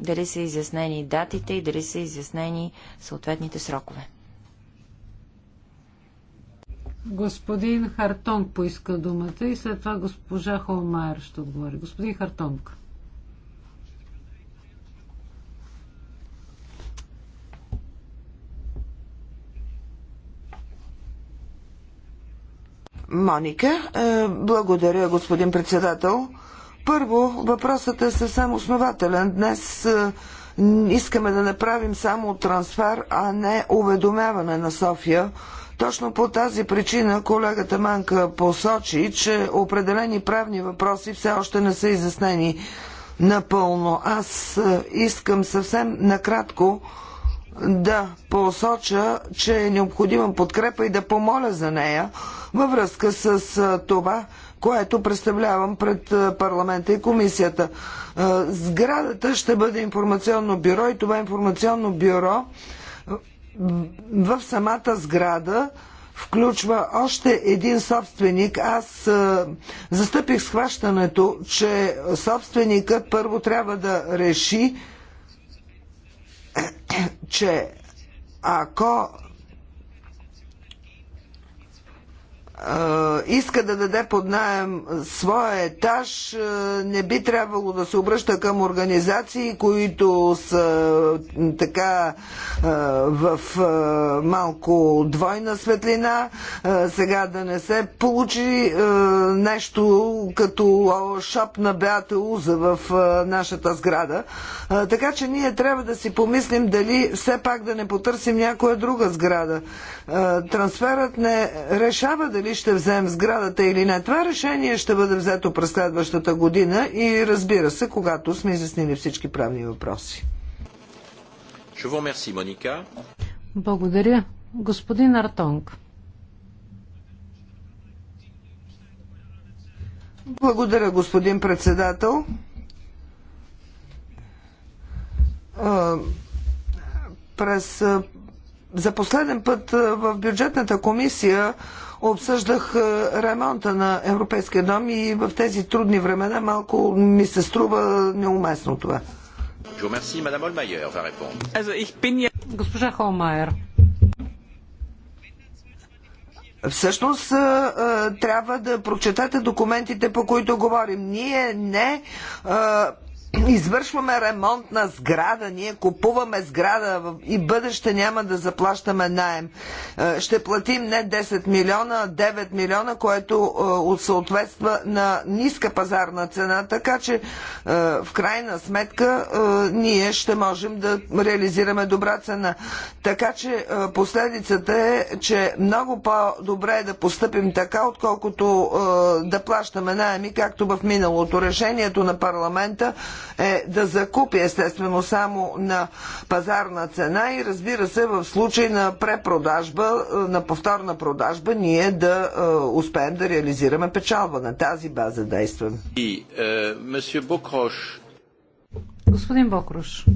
Дали са изяснени датите и дали са изяснени съответните срокове. Господин Хартонг поиска думата и след това госпожа Холмайер ще отговори. Господин Хартонг. Моника. Е, благодаря, господин председател. Първо, въпросът е съвсем основателен. Днес е, искаме да направим само трансфер, а не уведомяване на София. Точно по тази причина колегата Манка посочи, че определени правни въпроси все още не са изяснени напълно. Аз е, искам съвсем накратко да посоча, че е необходима подкрепа и да помоля за нея във връзка с това, което представлявам пред парламента и комисията. Сградата ще бъде информационно бюро и това информационно бюро в самата сграда включва още един собственик. Аз а, застъпих схващането, че собственикът първо трябва да реши, че ако иска да даде под найем своя етаж, не би трябвало да се обръща към организации, които са така в малко двойна светлина. Сега да не се получи нещо като шоп на Беата Уза в нашата сграда. Така че ние трябва да си помислим дали все пак да не потърсим някоя друга сграда. Е, трансферът не решава дали ще вземем сградата или не. Това решение ще бъде взето през следващата година и разбира се, когато сме изяснили всички правни въпроси. Благодаря. Господин Артонг. Благодаря, господин председател. Е, през за последен път в бюджетната комисия обсъждах ремонта на Европейския дом и в тези трудни времена малко ми се струва неуместно това. Госпожа Холмайер. Всъщност трябва да прочетете документите, по които говорим. Ние не извършваме ремонт на сграда, ние купуваме сграда и бъдеще няма да заплащаме найем. Е, ще платим не 10 милиона, а 9 милиона, което е, съответства на ниска пазарна цена, така че е, в крайна сметка ние ще можем да реализираме добра цена. Така че последицата е, че много по-добре е да постъпим така, отколкото да плащаме найеми, както в миналото решението на парламента е да закупи естествено само на пазарна цена и разбира се в случай на препродажба, е, на повторна продажба, ние да е, успеем да реализираме печалба на тази база действам. И, е, Бокрош. Господин Бокрош,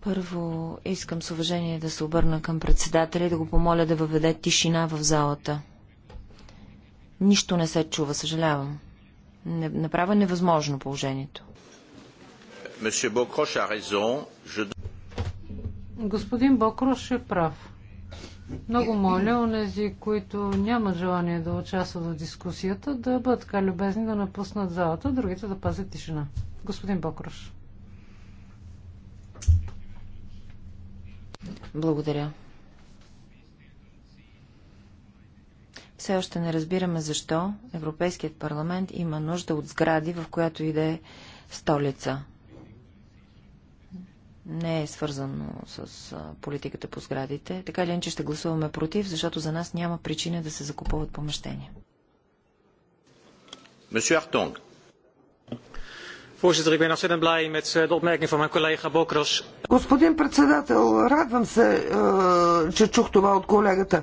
първо искам с уважение да се обърна към председателя и да го помоля да въведе тишина в залата. Нищо не се чува, съжалявам направя е невъзможно положението. Господин Бокрош е прав. Много моля онези, които нямат желание да участват в дискусията, да бъдат така любезни да напуснат залата, другите да пазят тишина. Господин Бокрош. Благодаря. Все още не разбираме защо Европейският парламент има нужда от сгради, в която иде столица. Не е свързано с политиката по сградите. Така ли, че ще гласуваме против, защото за нас няма причина да се закупуват помещения. Месье Артонг. Voorzitter, ik ben ontzettend blij met eh, de opmerking van mijn collega Bokros. Господин председател, радвам се, е, че чух това от колегата.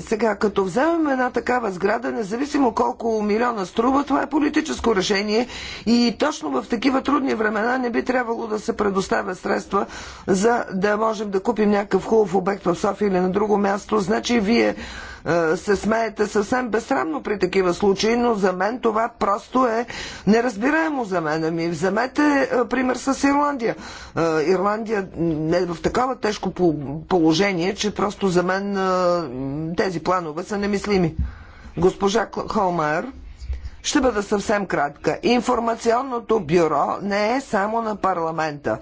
Сега, като вземем една такава сграда, независимо колко милиона струва, това е политическо решение и точно в такива трудни времена не би трябвало да се предоставя средства, за да можем да купим някакъв хубав обект в София или на друго място. Значи, вие е, се смеете съвсем безсрамно при такива случаи, но за мен това просто е неразбираемо за мен. Ами вземете е, пример с Ирландия. Е, Ирландия не е в такова тежко положение, че просто за мен тези планове са немислими. Госпожа Холмайер. Ще бъда съвсем кратка. Информационното бюро не е само на парламента.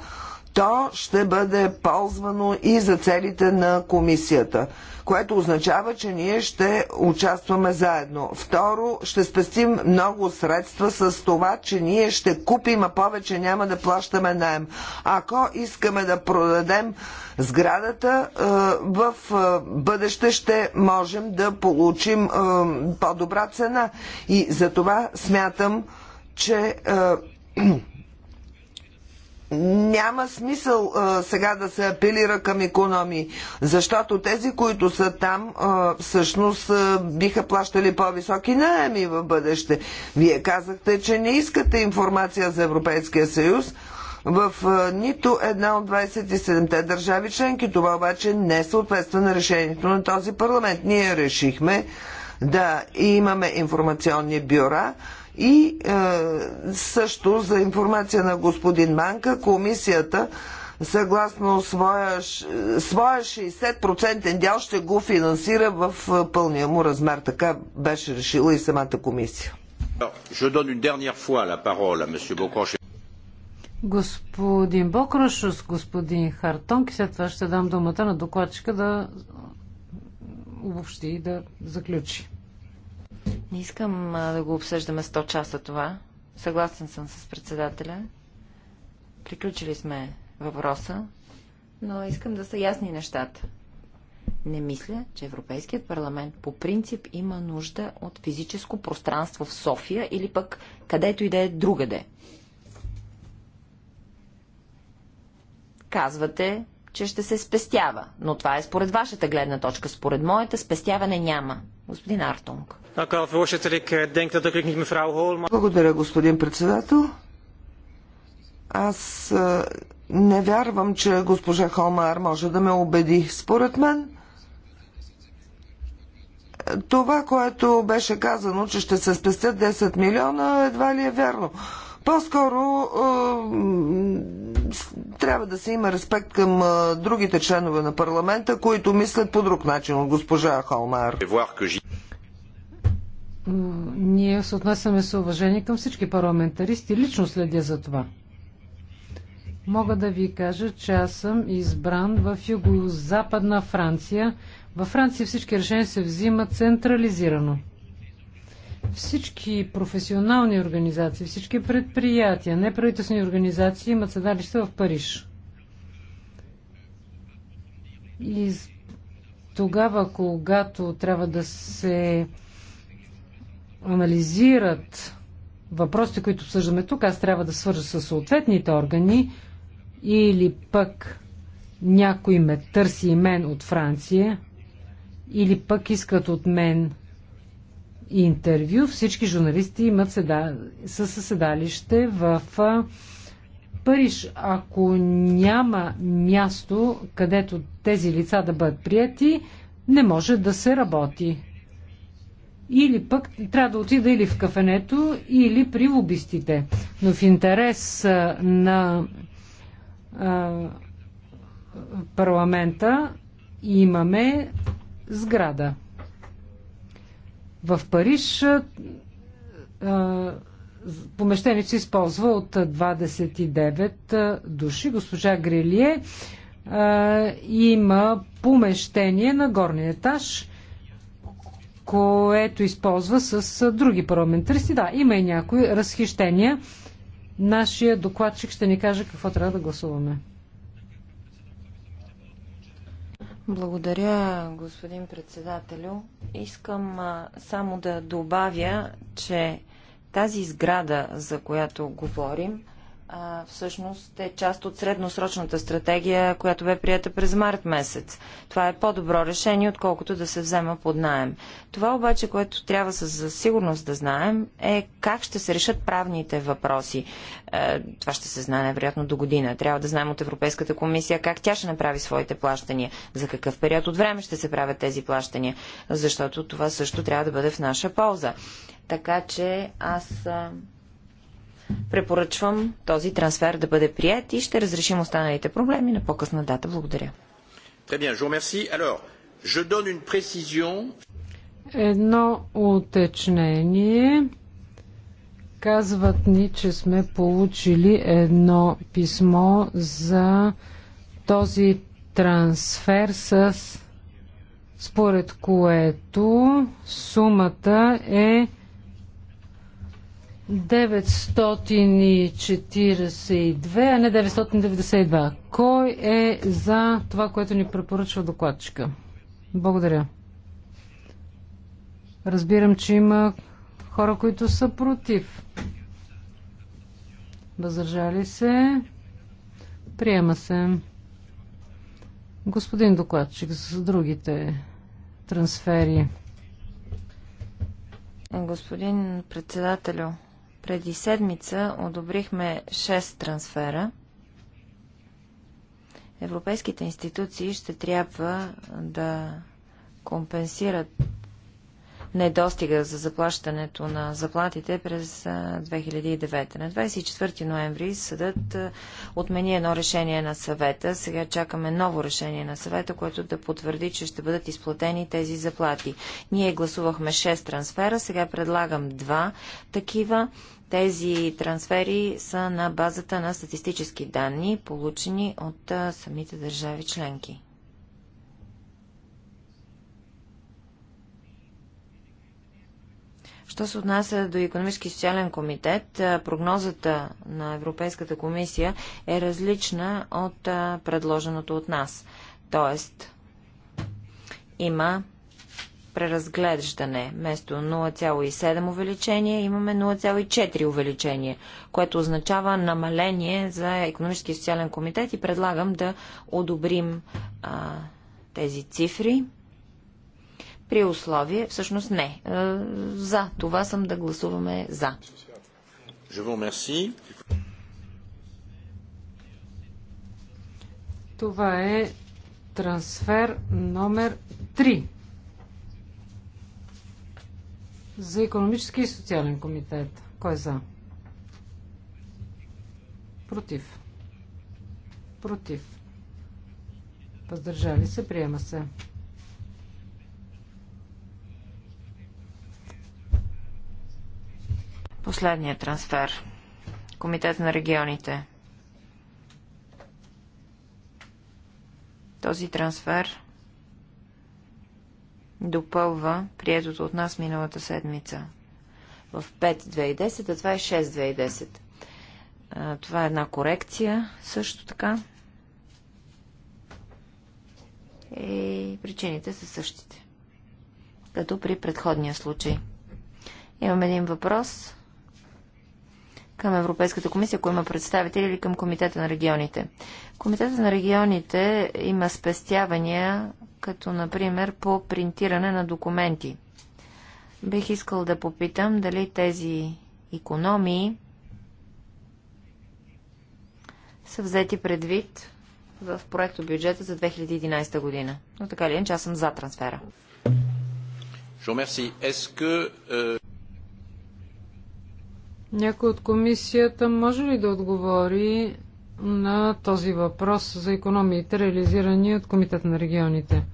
То ще бъде ползвано и за целите на комисията което означава, че ние ще участваме заедно. Второ, ще спестим много средства с това, че ние ще купим, а повече няма да плащаме найем. Ако искаме да продадем сградата, е, в е, бъдеще ще можем да получим е, по-добра цена. И за това смятам, че няма смисъл а, сега да се апелира към економии, защото тези, които са там, а, всъщност а, биха плащали по-високи наеми в бъдеще. Вие казахте, че не искате информация за Европейския съюз в а, нито една от 27-те държави членки. Това обаче не съответства на решението на този парламент. Ние решихме да имаме информационни бюра, и е, също за информация на господин Манка, комисията съгласно своя, своя 60% дял ще го финансира в е, пълния му размер. Така беше решила и самата комисия. Господин Бокрошус, господин и след това ще дам думата на докладчика да обобщи и да заключи. Не искам а, да го обсъждаме 100 часа това. Съгласен съм с председателя. Приключили сме въпроса, но искам да са ясни нещата. Не мисля, че Европейският парламент по принцип има нужда от физическо пространство в София или пък където и да е другаде. Казвате, че ще се спестява. Но това е според вашата гледна точка. Според моята спестяване няма. Господин Артунг. Eh, Благодаря, господин председател. Аз е, не вярвам, че госпожа Холмар може да ме убеди. Според мен, това, което беше казано, че ще се спестят 10 милиона, едва ли е вярно. По-скоро трябва да се има респект към другите членове на парламента, които мислят по друг начин от госпожа Холмар. Е, ние се отнасяме с уважение към всички парламентаристи. Лично следя за това. Мога да ви кажа, че аз съм избран в юго-западна Франция. Във Франция всички решения се взимат централизирано. Всички професионални организации, всички предприятия, неправителствени организации имат седалища в Париж. И тогава, когато трябва да се анализират въпросите, които обсъждаме тук, аз трябва да свържа с съответните органи или пък някой ме търси и мен от Франция, или пък искат от мен интервю. Всички журналисти имат седа... са съседалище в Париж. Ако няма място, където тези лица да бъдат прияти, не може да се работи. Или пък трябва да отида или в кафенето, или при лобистите. Но в интерес на а, парламента имаме сграда. В Париж помещението се използва от 29 души. Госпожа Грилие има помещение на горния етаж, което използва с други парламентаристи. Да, има и някои разхищения. Нашия докладчик ще ни каже какво трябва да гласуваме. Благодаря, господин председателю. Искам а, само да добавя, че тази сграда, за която говорим, всъщност е част от средносрочната стратегия, която бе прията през март месец. Това е по-добро решение, отколкото да се взема под найем. Това обаче, което трябва със сигурност да знаем, е как ще се решат правните въпроси. Е, това ще се знае вероятно до година. Трябва да знаем от Европейската комисия как тя ще направи своите плащания, за какъв период от време ще се правят тези плащания, защото това също трябва да бъде в наша полза. Така че аз Препоръчвам този трансфер да бъде прият и ще разрешим останалите проблеми на по-късна дата. Благодаря. Едно уточнение. Казват ни, че сме получили едно писмо за този трансфер с според което сумата е 942, а не 992. Кой е за това, което ни препоръчва докладчика? Благодаря. Разбирам, че има хора, които са против. Възражали се. Приема се. Господин докладчик, с другите трансфери. Господин председателю, преди седмица одобрихме 6 трансфера. Европейските институции ще трябва да компенсират недостига за заплащането на заплатите през 2009. На 24 ноември съдът отмени едно решение на съвета. Сега чакаме ново решение на съвета, което да потвърди, че ще бъдат изплатени тези заплати. Ние гласувахме 6 трансфера, сега предлагам 2 такива. Тези трансфери са на базата на статистически данни, получени от самите държави членки. Що се отнася до економически и социален комитет, прогнозата на Европейската комисия е различна от предложеното от нас. Тоест, има преразглеждане. место 0,7 увеличение имаме 0,4 увеличение, което означава намаление за економически и социален комитет и предлагам да одобрим а, тези цифри при условие, всъщност не. Е, за това съм да гласуваме за. Това е трансфер номер 3 за економически и социален комитет. Кой е за? Против. Против. Въздържали се, приема се. Последният трансфер. Комитет на регионите. Този трансфер допълва приетото от нас миналата седмица. В 5 5-2010, а това е 6-2010. Това е една корекция също така. И причините са същите. Като при предходния случай. Имам един въпрос към Европейската комисия, ако има представители, или към Комитета на регионите. Комитета на регионите има спестявания, като например по принтиране на документи. Бих искал да попитам дали тези економии са взети предвид в проекто бюджета за 2011 година. Но така ли е, че аз съм за трансфера. Някой от комисията може ли да отговори на този въпрос за економиите, реализирани от Комитет на регионите?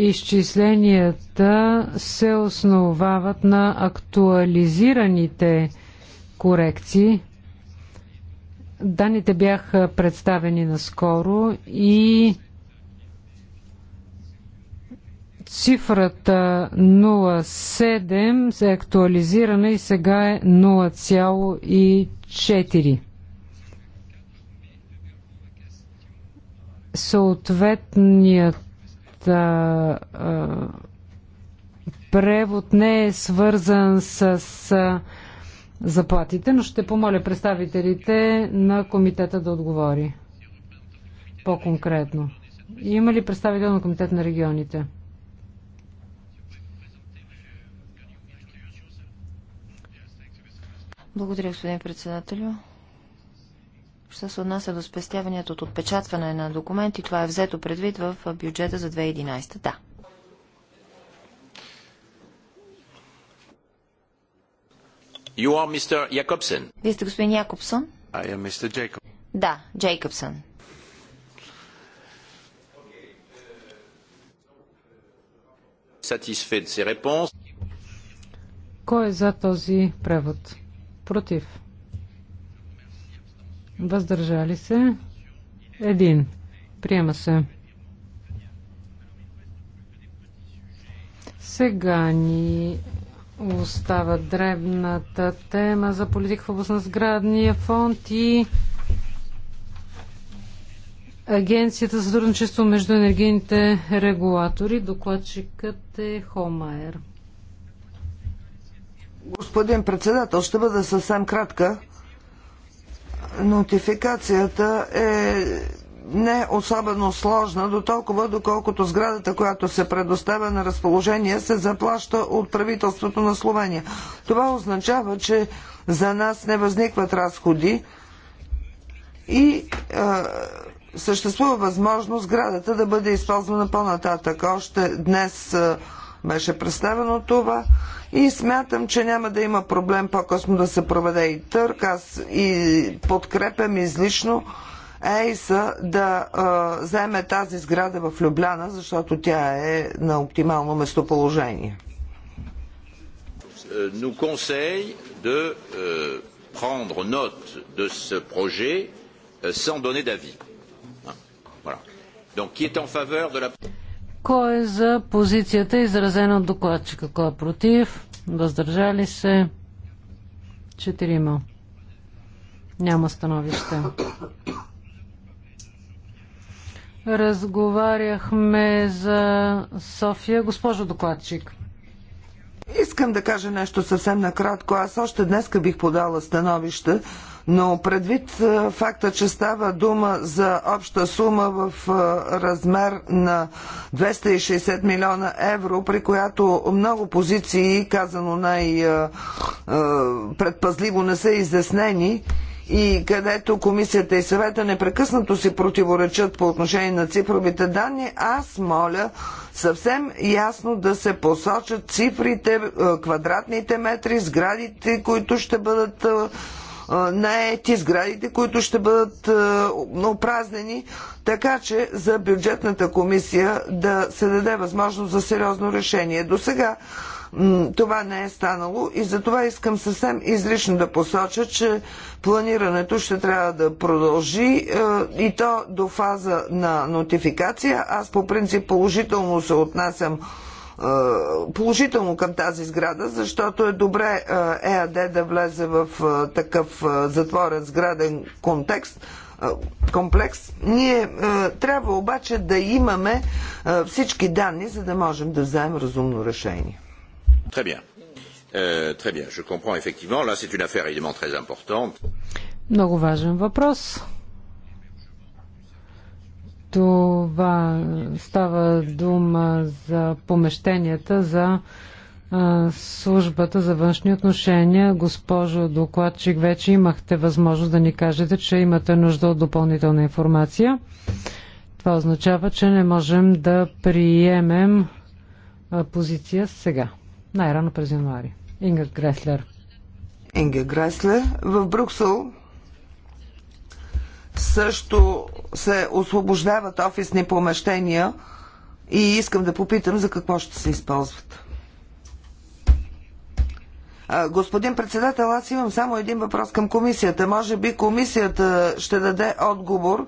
изчисленията се основават на актуализираните корекции. Данните бяха представени наскоро и цифрата 0,7 се е актуализирана и сега е 0,4. Съответният а, а, превод не е свързан с а, заплатите, но ще помоля представителите на комитета да отговори по-конкретно. Има ли представител на комитет на регионите? Благодаря, господин председателю. Що се отнася до спестяването от отпечатване на документи, това е взето предвид в бюджета за 2011. Да. You are Mr. Вие сте господин Якобсон? I am Mr. Jacob. Да, Джейкобсън. Satisfait de réponses. Кой е за този превод? Против. Въздържали се? Един. Приема се. Сега ни Остава дребната тема за политика в област на сградния фонд и Агенцията за сътрудничество между енергийните регулатори. Докладчикът е Холмайер. Господин председател, ще бъда съвсем кратка. Нотификацията е не особено сложна, до толкова доколкото сградата, която се предоставя на разположение, се заплаща от правителството на Словения. Това означава, че за нас не възникват разходи и е, съществува възможност сградата да бъде използвана по-нататък. Още днес е, беше представено това и смятам, че няма да има проблем по-късно да се проведе и търк, Аз и подкрепям излишно ЕИСА да а, вземе тази сграда в Любляна, защото тя е на оптимално местоположение. Nous conseille да euh, prendre note de ce projet euh, sans donner d'avis. Voilà. Donc, qui est en faveur de la... Кой е за позицията, изразена от докладчика? Кой е против? Въздържали се? Четирима. Няма становище. Разговаряхме за София. Госпожо докладчик. Искам да кажа нещо съвсем накратко. Аз още днес бих подала становище, но предвид е, факта, че става дума за обща сума в е, размер на 260 милиона евро, при която много позиции, казано най-предпазливо, е, не са изяснени, и където комисията и съвета непрекъснато си противоречат по отношение на цифровите данни, аз моля съвсем ясно да се посочат цифрите, е, квадратните метри, сградите, които ще бъдат е, е, наети, сградите, които ще бъдат опразнени, така че за бюджетната комисия да се даде възможност за сериозно решение. До сега това не е станало и затова искам съвсем излишно да посоча, че планирането ще трябва да продължи е, и то до фаза на нотификация. Аз по принцип положително се отнасям е, положително към тази сграда, защото е добре е, ЕАД да влезе в такъв затворен сграден контекст, комплекс. Ние трябва обаче да имаме всички данни, за да можем да вземем разумно решение. Très bien. Euh, très bien. Je comprends effectivement. Là, c'est une affaire évidemment très importante. Много важен въпрос. Това става дума за помещенията за службата за външни отношения. Госпожо докладчик, вече имахте възможност да ни кажете, че имате нужда от допълнителна информация. Това означава, че не можем да приемем позиция сега най-рано през януари. Инга Греслер. Инга Греслер. В Брюксел също се освобождават офисни помещения и искам да попитам за какво ще се използват. Господин председател, аз имам само един въпрос към комисията. Може би комисията ще даде отговор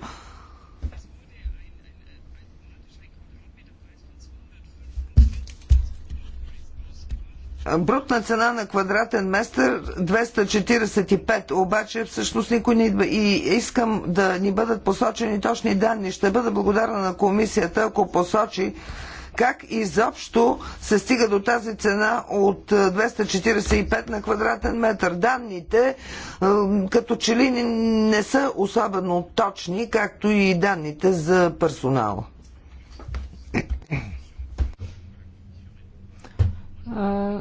Брутна цена на квадратен местър 245, обаче всъщност никой не идва. И искам да ни бъдат посочени точни данни. Ще бъда благодарна на комисията, ако посочи как изобщо се стига до тази цена от 245 на квадратен метър. Данните е, като че ли не са особено точни, както и данните за персонала. Е,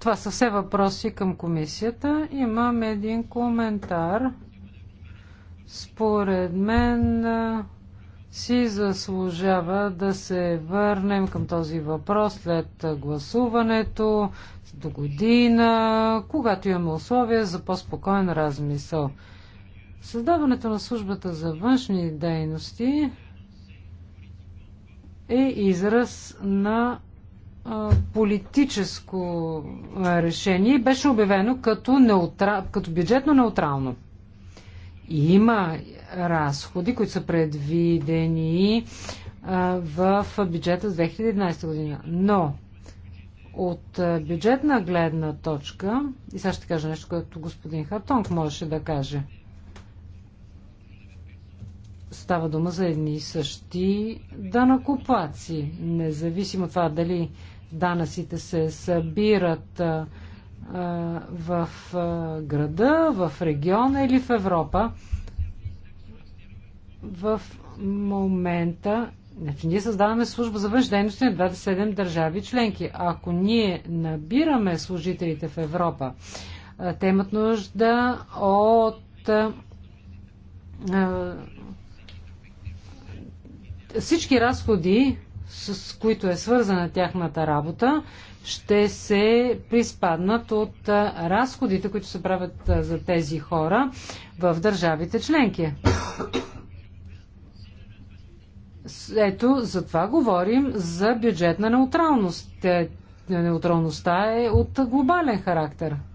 това са все въпроси към комисията. Имам един коментар. Според мен си заслужава да се върнем към този въпрос след гласуването до година, когато имаме условия за по-спокоен размисъл. Създаването на службата за външни дейности е израз на политическо решение беше обявено като, неутра... като бюджетно неутрално. Има разходи, които са предвидени в бюджета за 2011 година. Но от бюджетна гледна точка, и сега ще кажа нещо, което господин Хартонг можеше да каже, става дума за едни и същи данакоплаци, независимо от това дали Данъците се събират в града, в региона или в Европа. В момента Значи, ние създаваме служба за външни дейности на 27 държави членки. Ако ние набираме служителите в Европа, те имат нужда от всички разходи с които е свързана тяхната работа, ще се приспаднат от разходите, които се правят за тези хора в държавите членки. Ето, за това говорим за бюджетна неутралност. Неутралността е от глобален характер –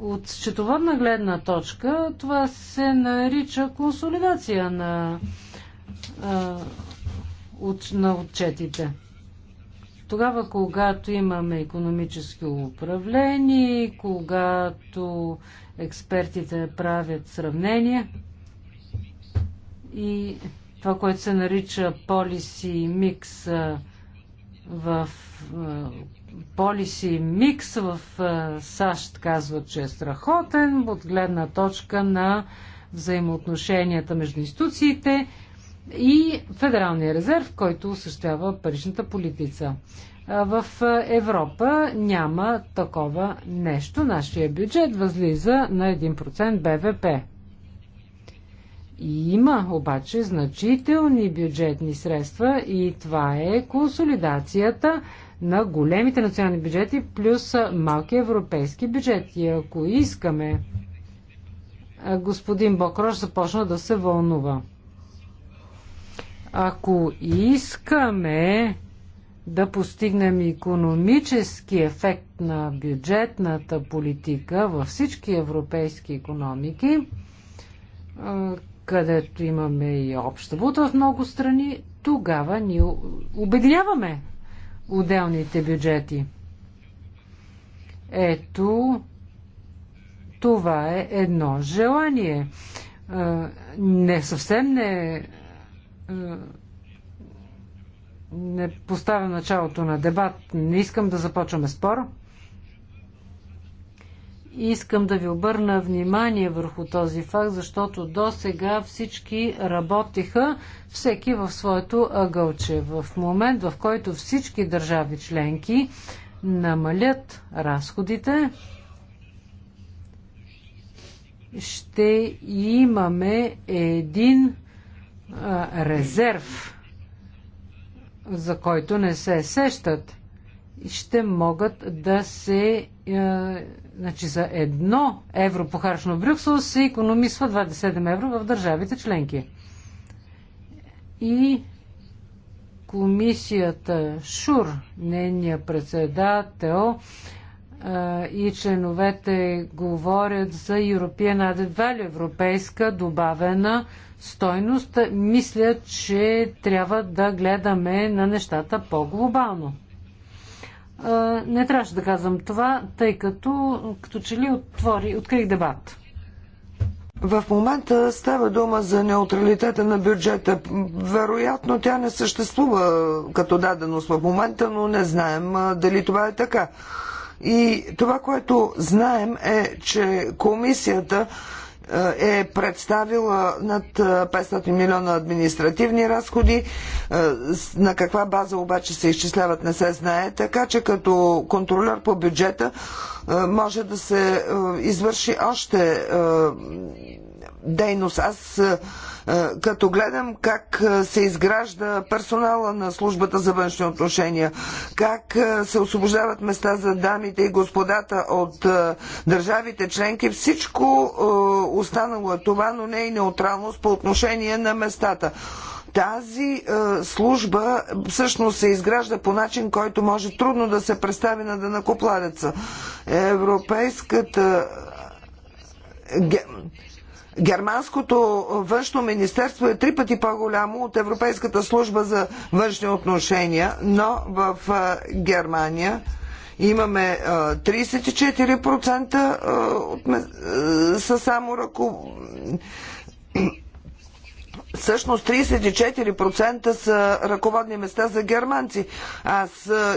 От счетоводна гледна точка това се нарича консолидация на, а, от, на отчетите. Тогава, когато имаме економически управление, когато експертите правят сравнение и това, което се нарича policy mix в полиси микс в е, САЩ казват, че е страхотен от гледна точка на взаимоотношенията между институциите и Федералния резерв, който осъществява паричната политица. Е, в Европа няма такова нещо. Нашия бюджет възлиза на 1% БВП. И има обаче значителни бюджетни средства и това е консолидацията на големите национални бюджети плюс малки европейски бюджети, И ако искаме, господин Бокрош започна да се вълнува. Ако искаме да постигнем економически ефект на бюджетната политика във всички европейски економики, където имаме и обща валута в много страни, тогава ни обединяваме отделните бюджети. Ето, това е едно желание. Не съвсем не, не поставя началото на дебат. Не искам да започваме спор. Искам да ви обърна внимание върху този факт, защото до сега всички работиха, всеки в своето ъгълче. В момент, в който всички държави членки намалят разходите, ще имаме един резерв, за който не се сещат. Ще могат да се Значи за едно евро похарчено в Брюксел се економисва 27 евро в държавите членки. И комисията ШУР, нейният председател и членовете говорят за European Added Value, европейска добавена стойност. Мислят, че трябва да гледаме на нещата по-глобално. Не трябваше да казвам това, тъй като като че ли отвори, открих дебат. В момента става дума за неутралитета на бюджета. Вероятно тя не съществува като даденост в момента, но не знаем дали това е така. И това, което знаем е, че комисията е представила над 500 е, милиона административни разходи. Е, на каква база обаче се изчисляват не се знае, така че като контролер по бюджета е, може да се извърши още дейност. Аз като гледам как се изгражда персонала на службата за външни отношения, как се освобождават места за дамите и господата от държавите членки, всичко останало е това, но не е и неутралност по отношение на местата тази е, служба всъщност се изгражда по начин, който може трудно да се представи на дънакопладеца. Европейската Германското външно министерство е три пъти по-голямо от Европейската служба за външни отношения, но в Германия имаме 34% са само ръко Всъщност 34% са ръководни места за германци. Аз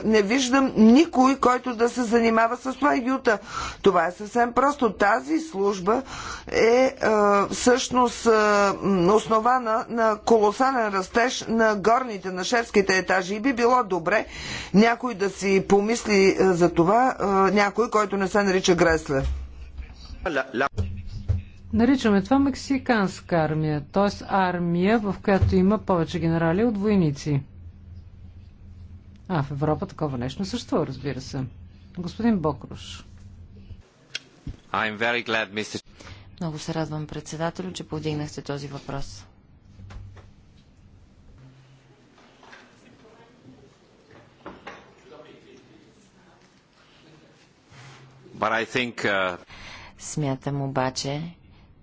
не виждам никой, който да се занимава с това Юта. Това е съвсем просто. Тази служба е, всъщност основана на колосален растеж на горните, на шерските етажи. И би било добре някой да си помисли за това, някой, който не се нарича Гресле. Наричаме това мексиканска армия, т.е. армия, в която има повече генерали от войници. А, в Европа такова нещо съществува, разбира се. Господин Бокруш. I'm very glad, Mr. Много се радвам, председателю, че повдигнахте този въпрос. But I think, uh... Смятам обаче,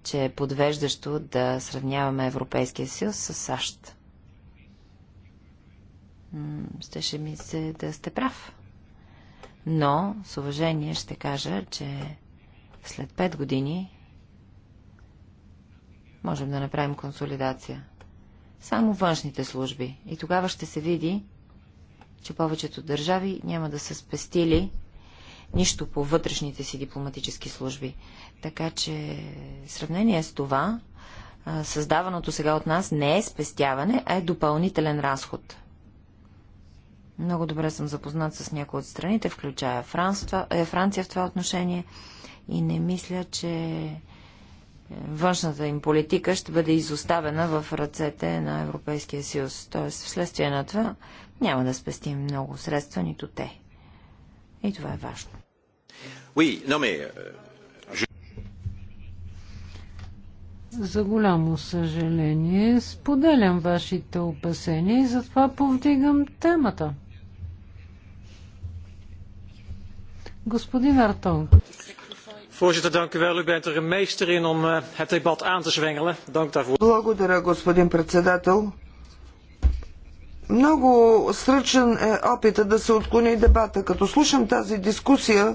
че е подвеждащо да сравняваме Европейския съюз с САЩ. Щеше ми се да сте прав. Но с уважение ще кажа, че след 5 години можем да направим консолидация. Само външните служби. И тогава ще се види, че повечето държави няма да са спестили нищо по вътрешните си дипломатически служби. Така че в сравнение с това, създаваното сега от нас не е спестяване, а е допълнителен разход. Много добре съм запознат с някои от страните, включая Франция, е, Франция в това отношение и не мисля, че е, външната им политика ще бъде изоставена в ръцете на Европейския съюз. Тоест, вследствие на това няма да спестим много средства, нито те. И това е важно. Oui, non, mais, euh, За голямо съжаление, споделям вашите опасения и затова повдигам темата. Господин Артон. Voorzitter, dank u wel. U bent er een meester in om eh, het debat aan te zwengelen. Dank daarvoor. Благодаря, господин председател. Много сръчен е опита да се отклони дебата. Като слушам тази дискусия,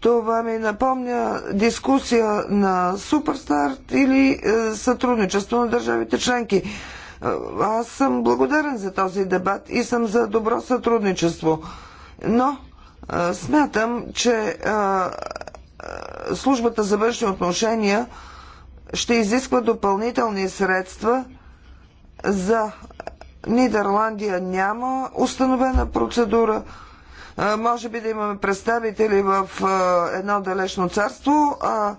това ми напомня дискусия на Суперстарт или е, сътрудничество на държавите членки. Е, аз съм благодарен за този дебат и съм за добро сътрудничество. Но е, смятам, че службата за външни отношения ще изисква допълнителни средства за Нидерландия няма установена процедура. Може би да имаме представители в едно далечно царство, а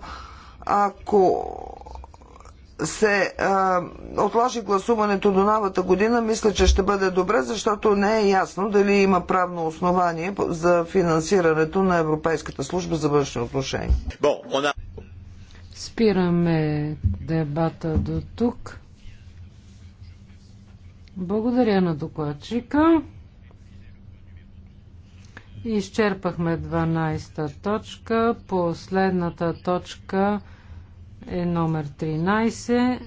ако се а, отложи гласуването до новата година, мисля, че ще бъде добре, защото не е ясно дали има правно основание за финансирането на Европейската служба за външни отношения. Спираме дебата до тук. Благодаря на докладчика. Изчерпахме 12-та точка. Последната точка е номер 13.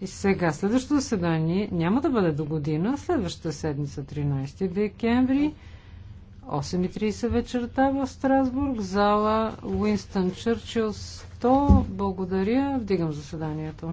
И сега, следващото заседание няма да бъде до година, следващата седмица, 13 декември, 8.30 вечерта в Страсбург, зала Уинстън Чърчил 100. Благодаря, вдигам заседанието.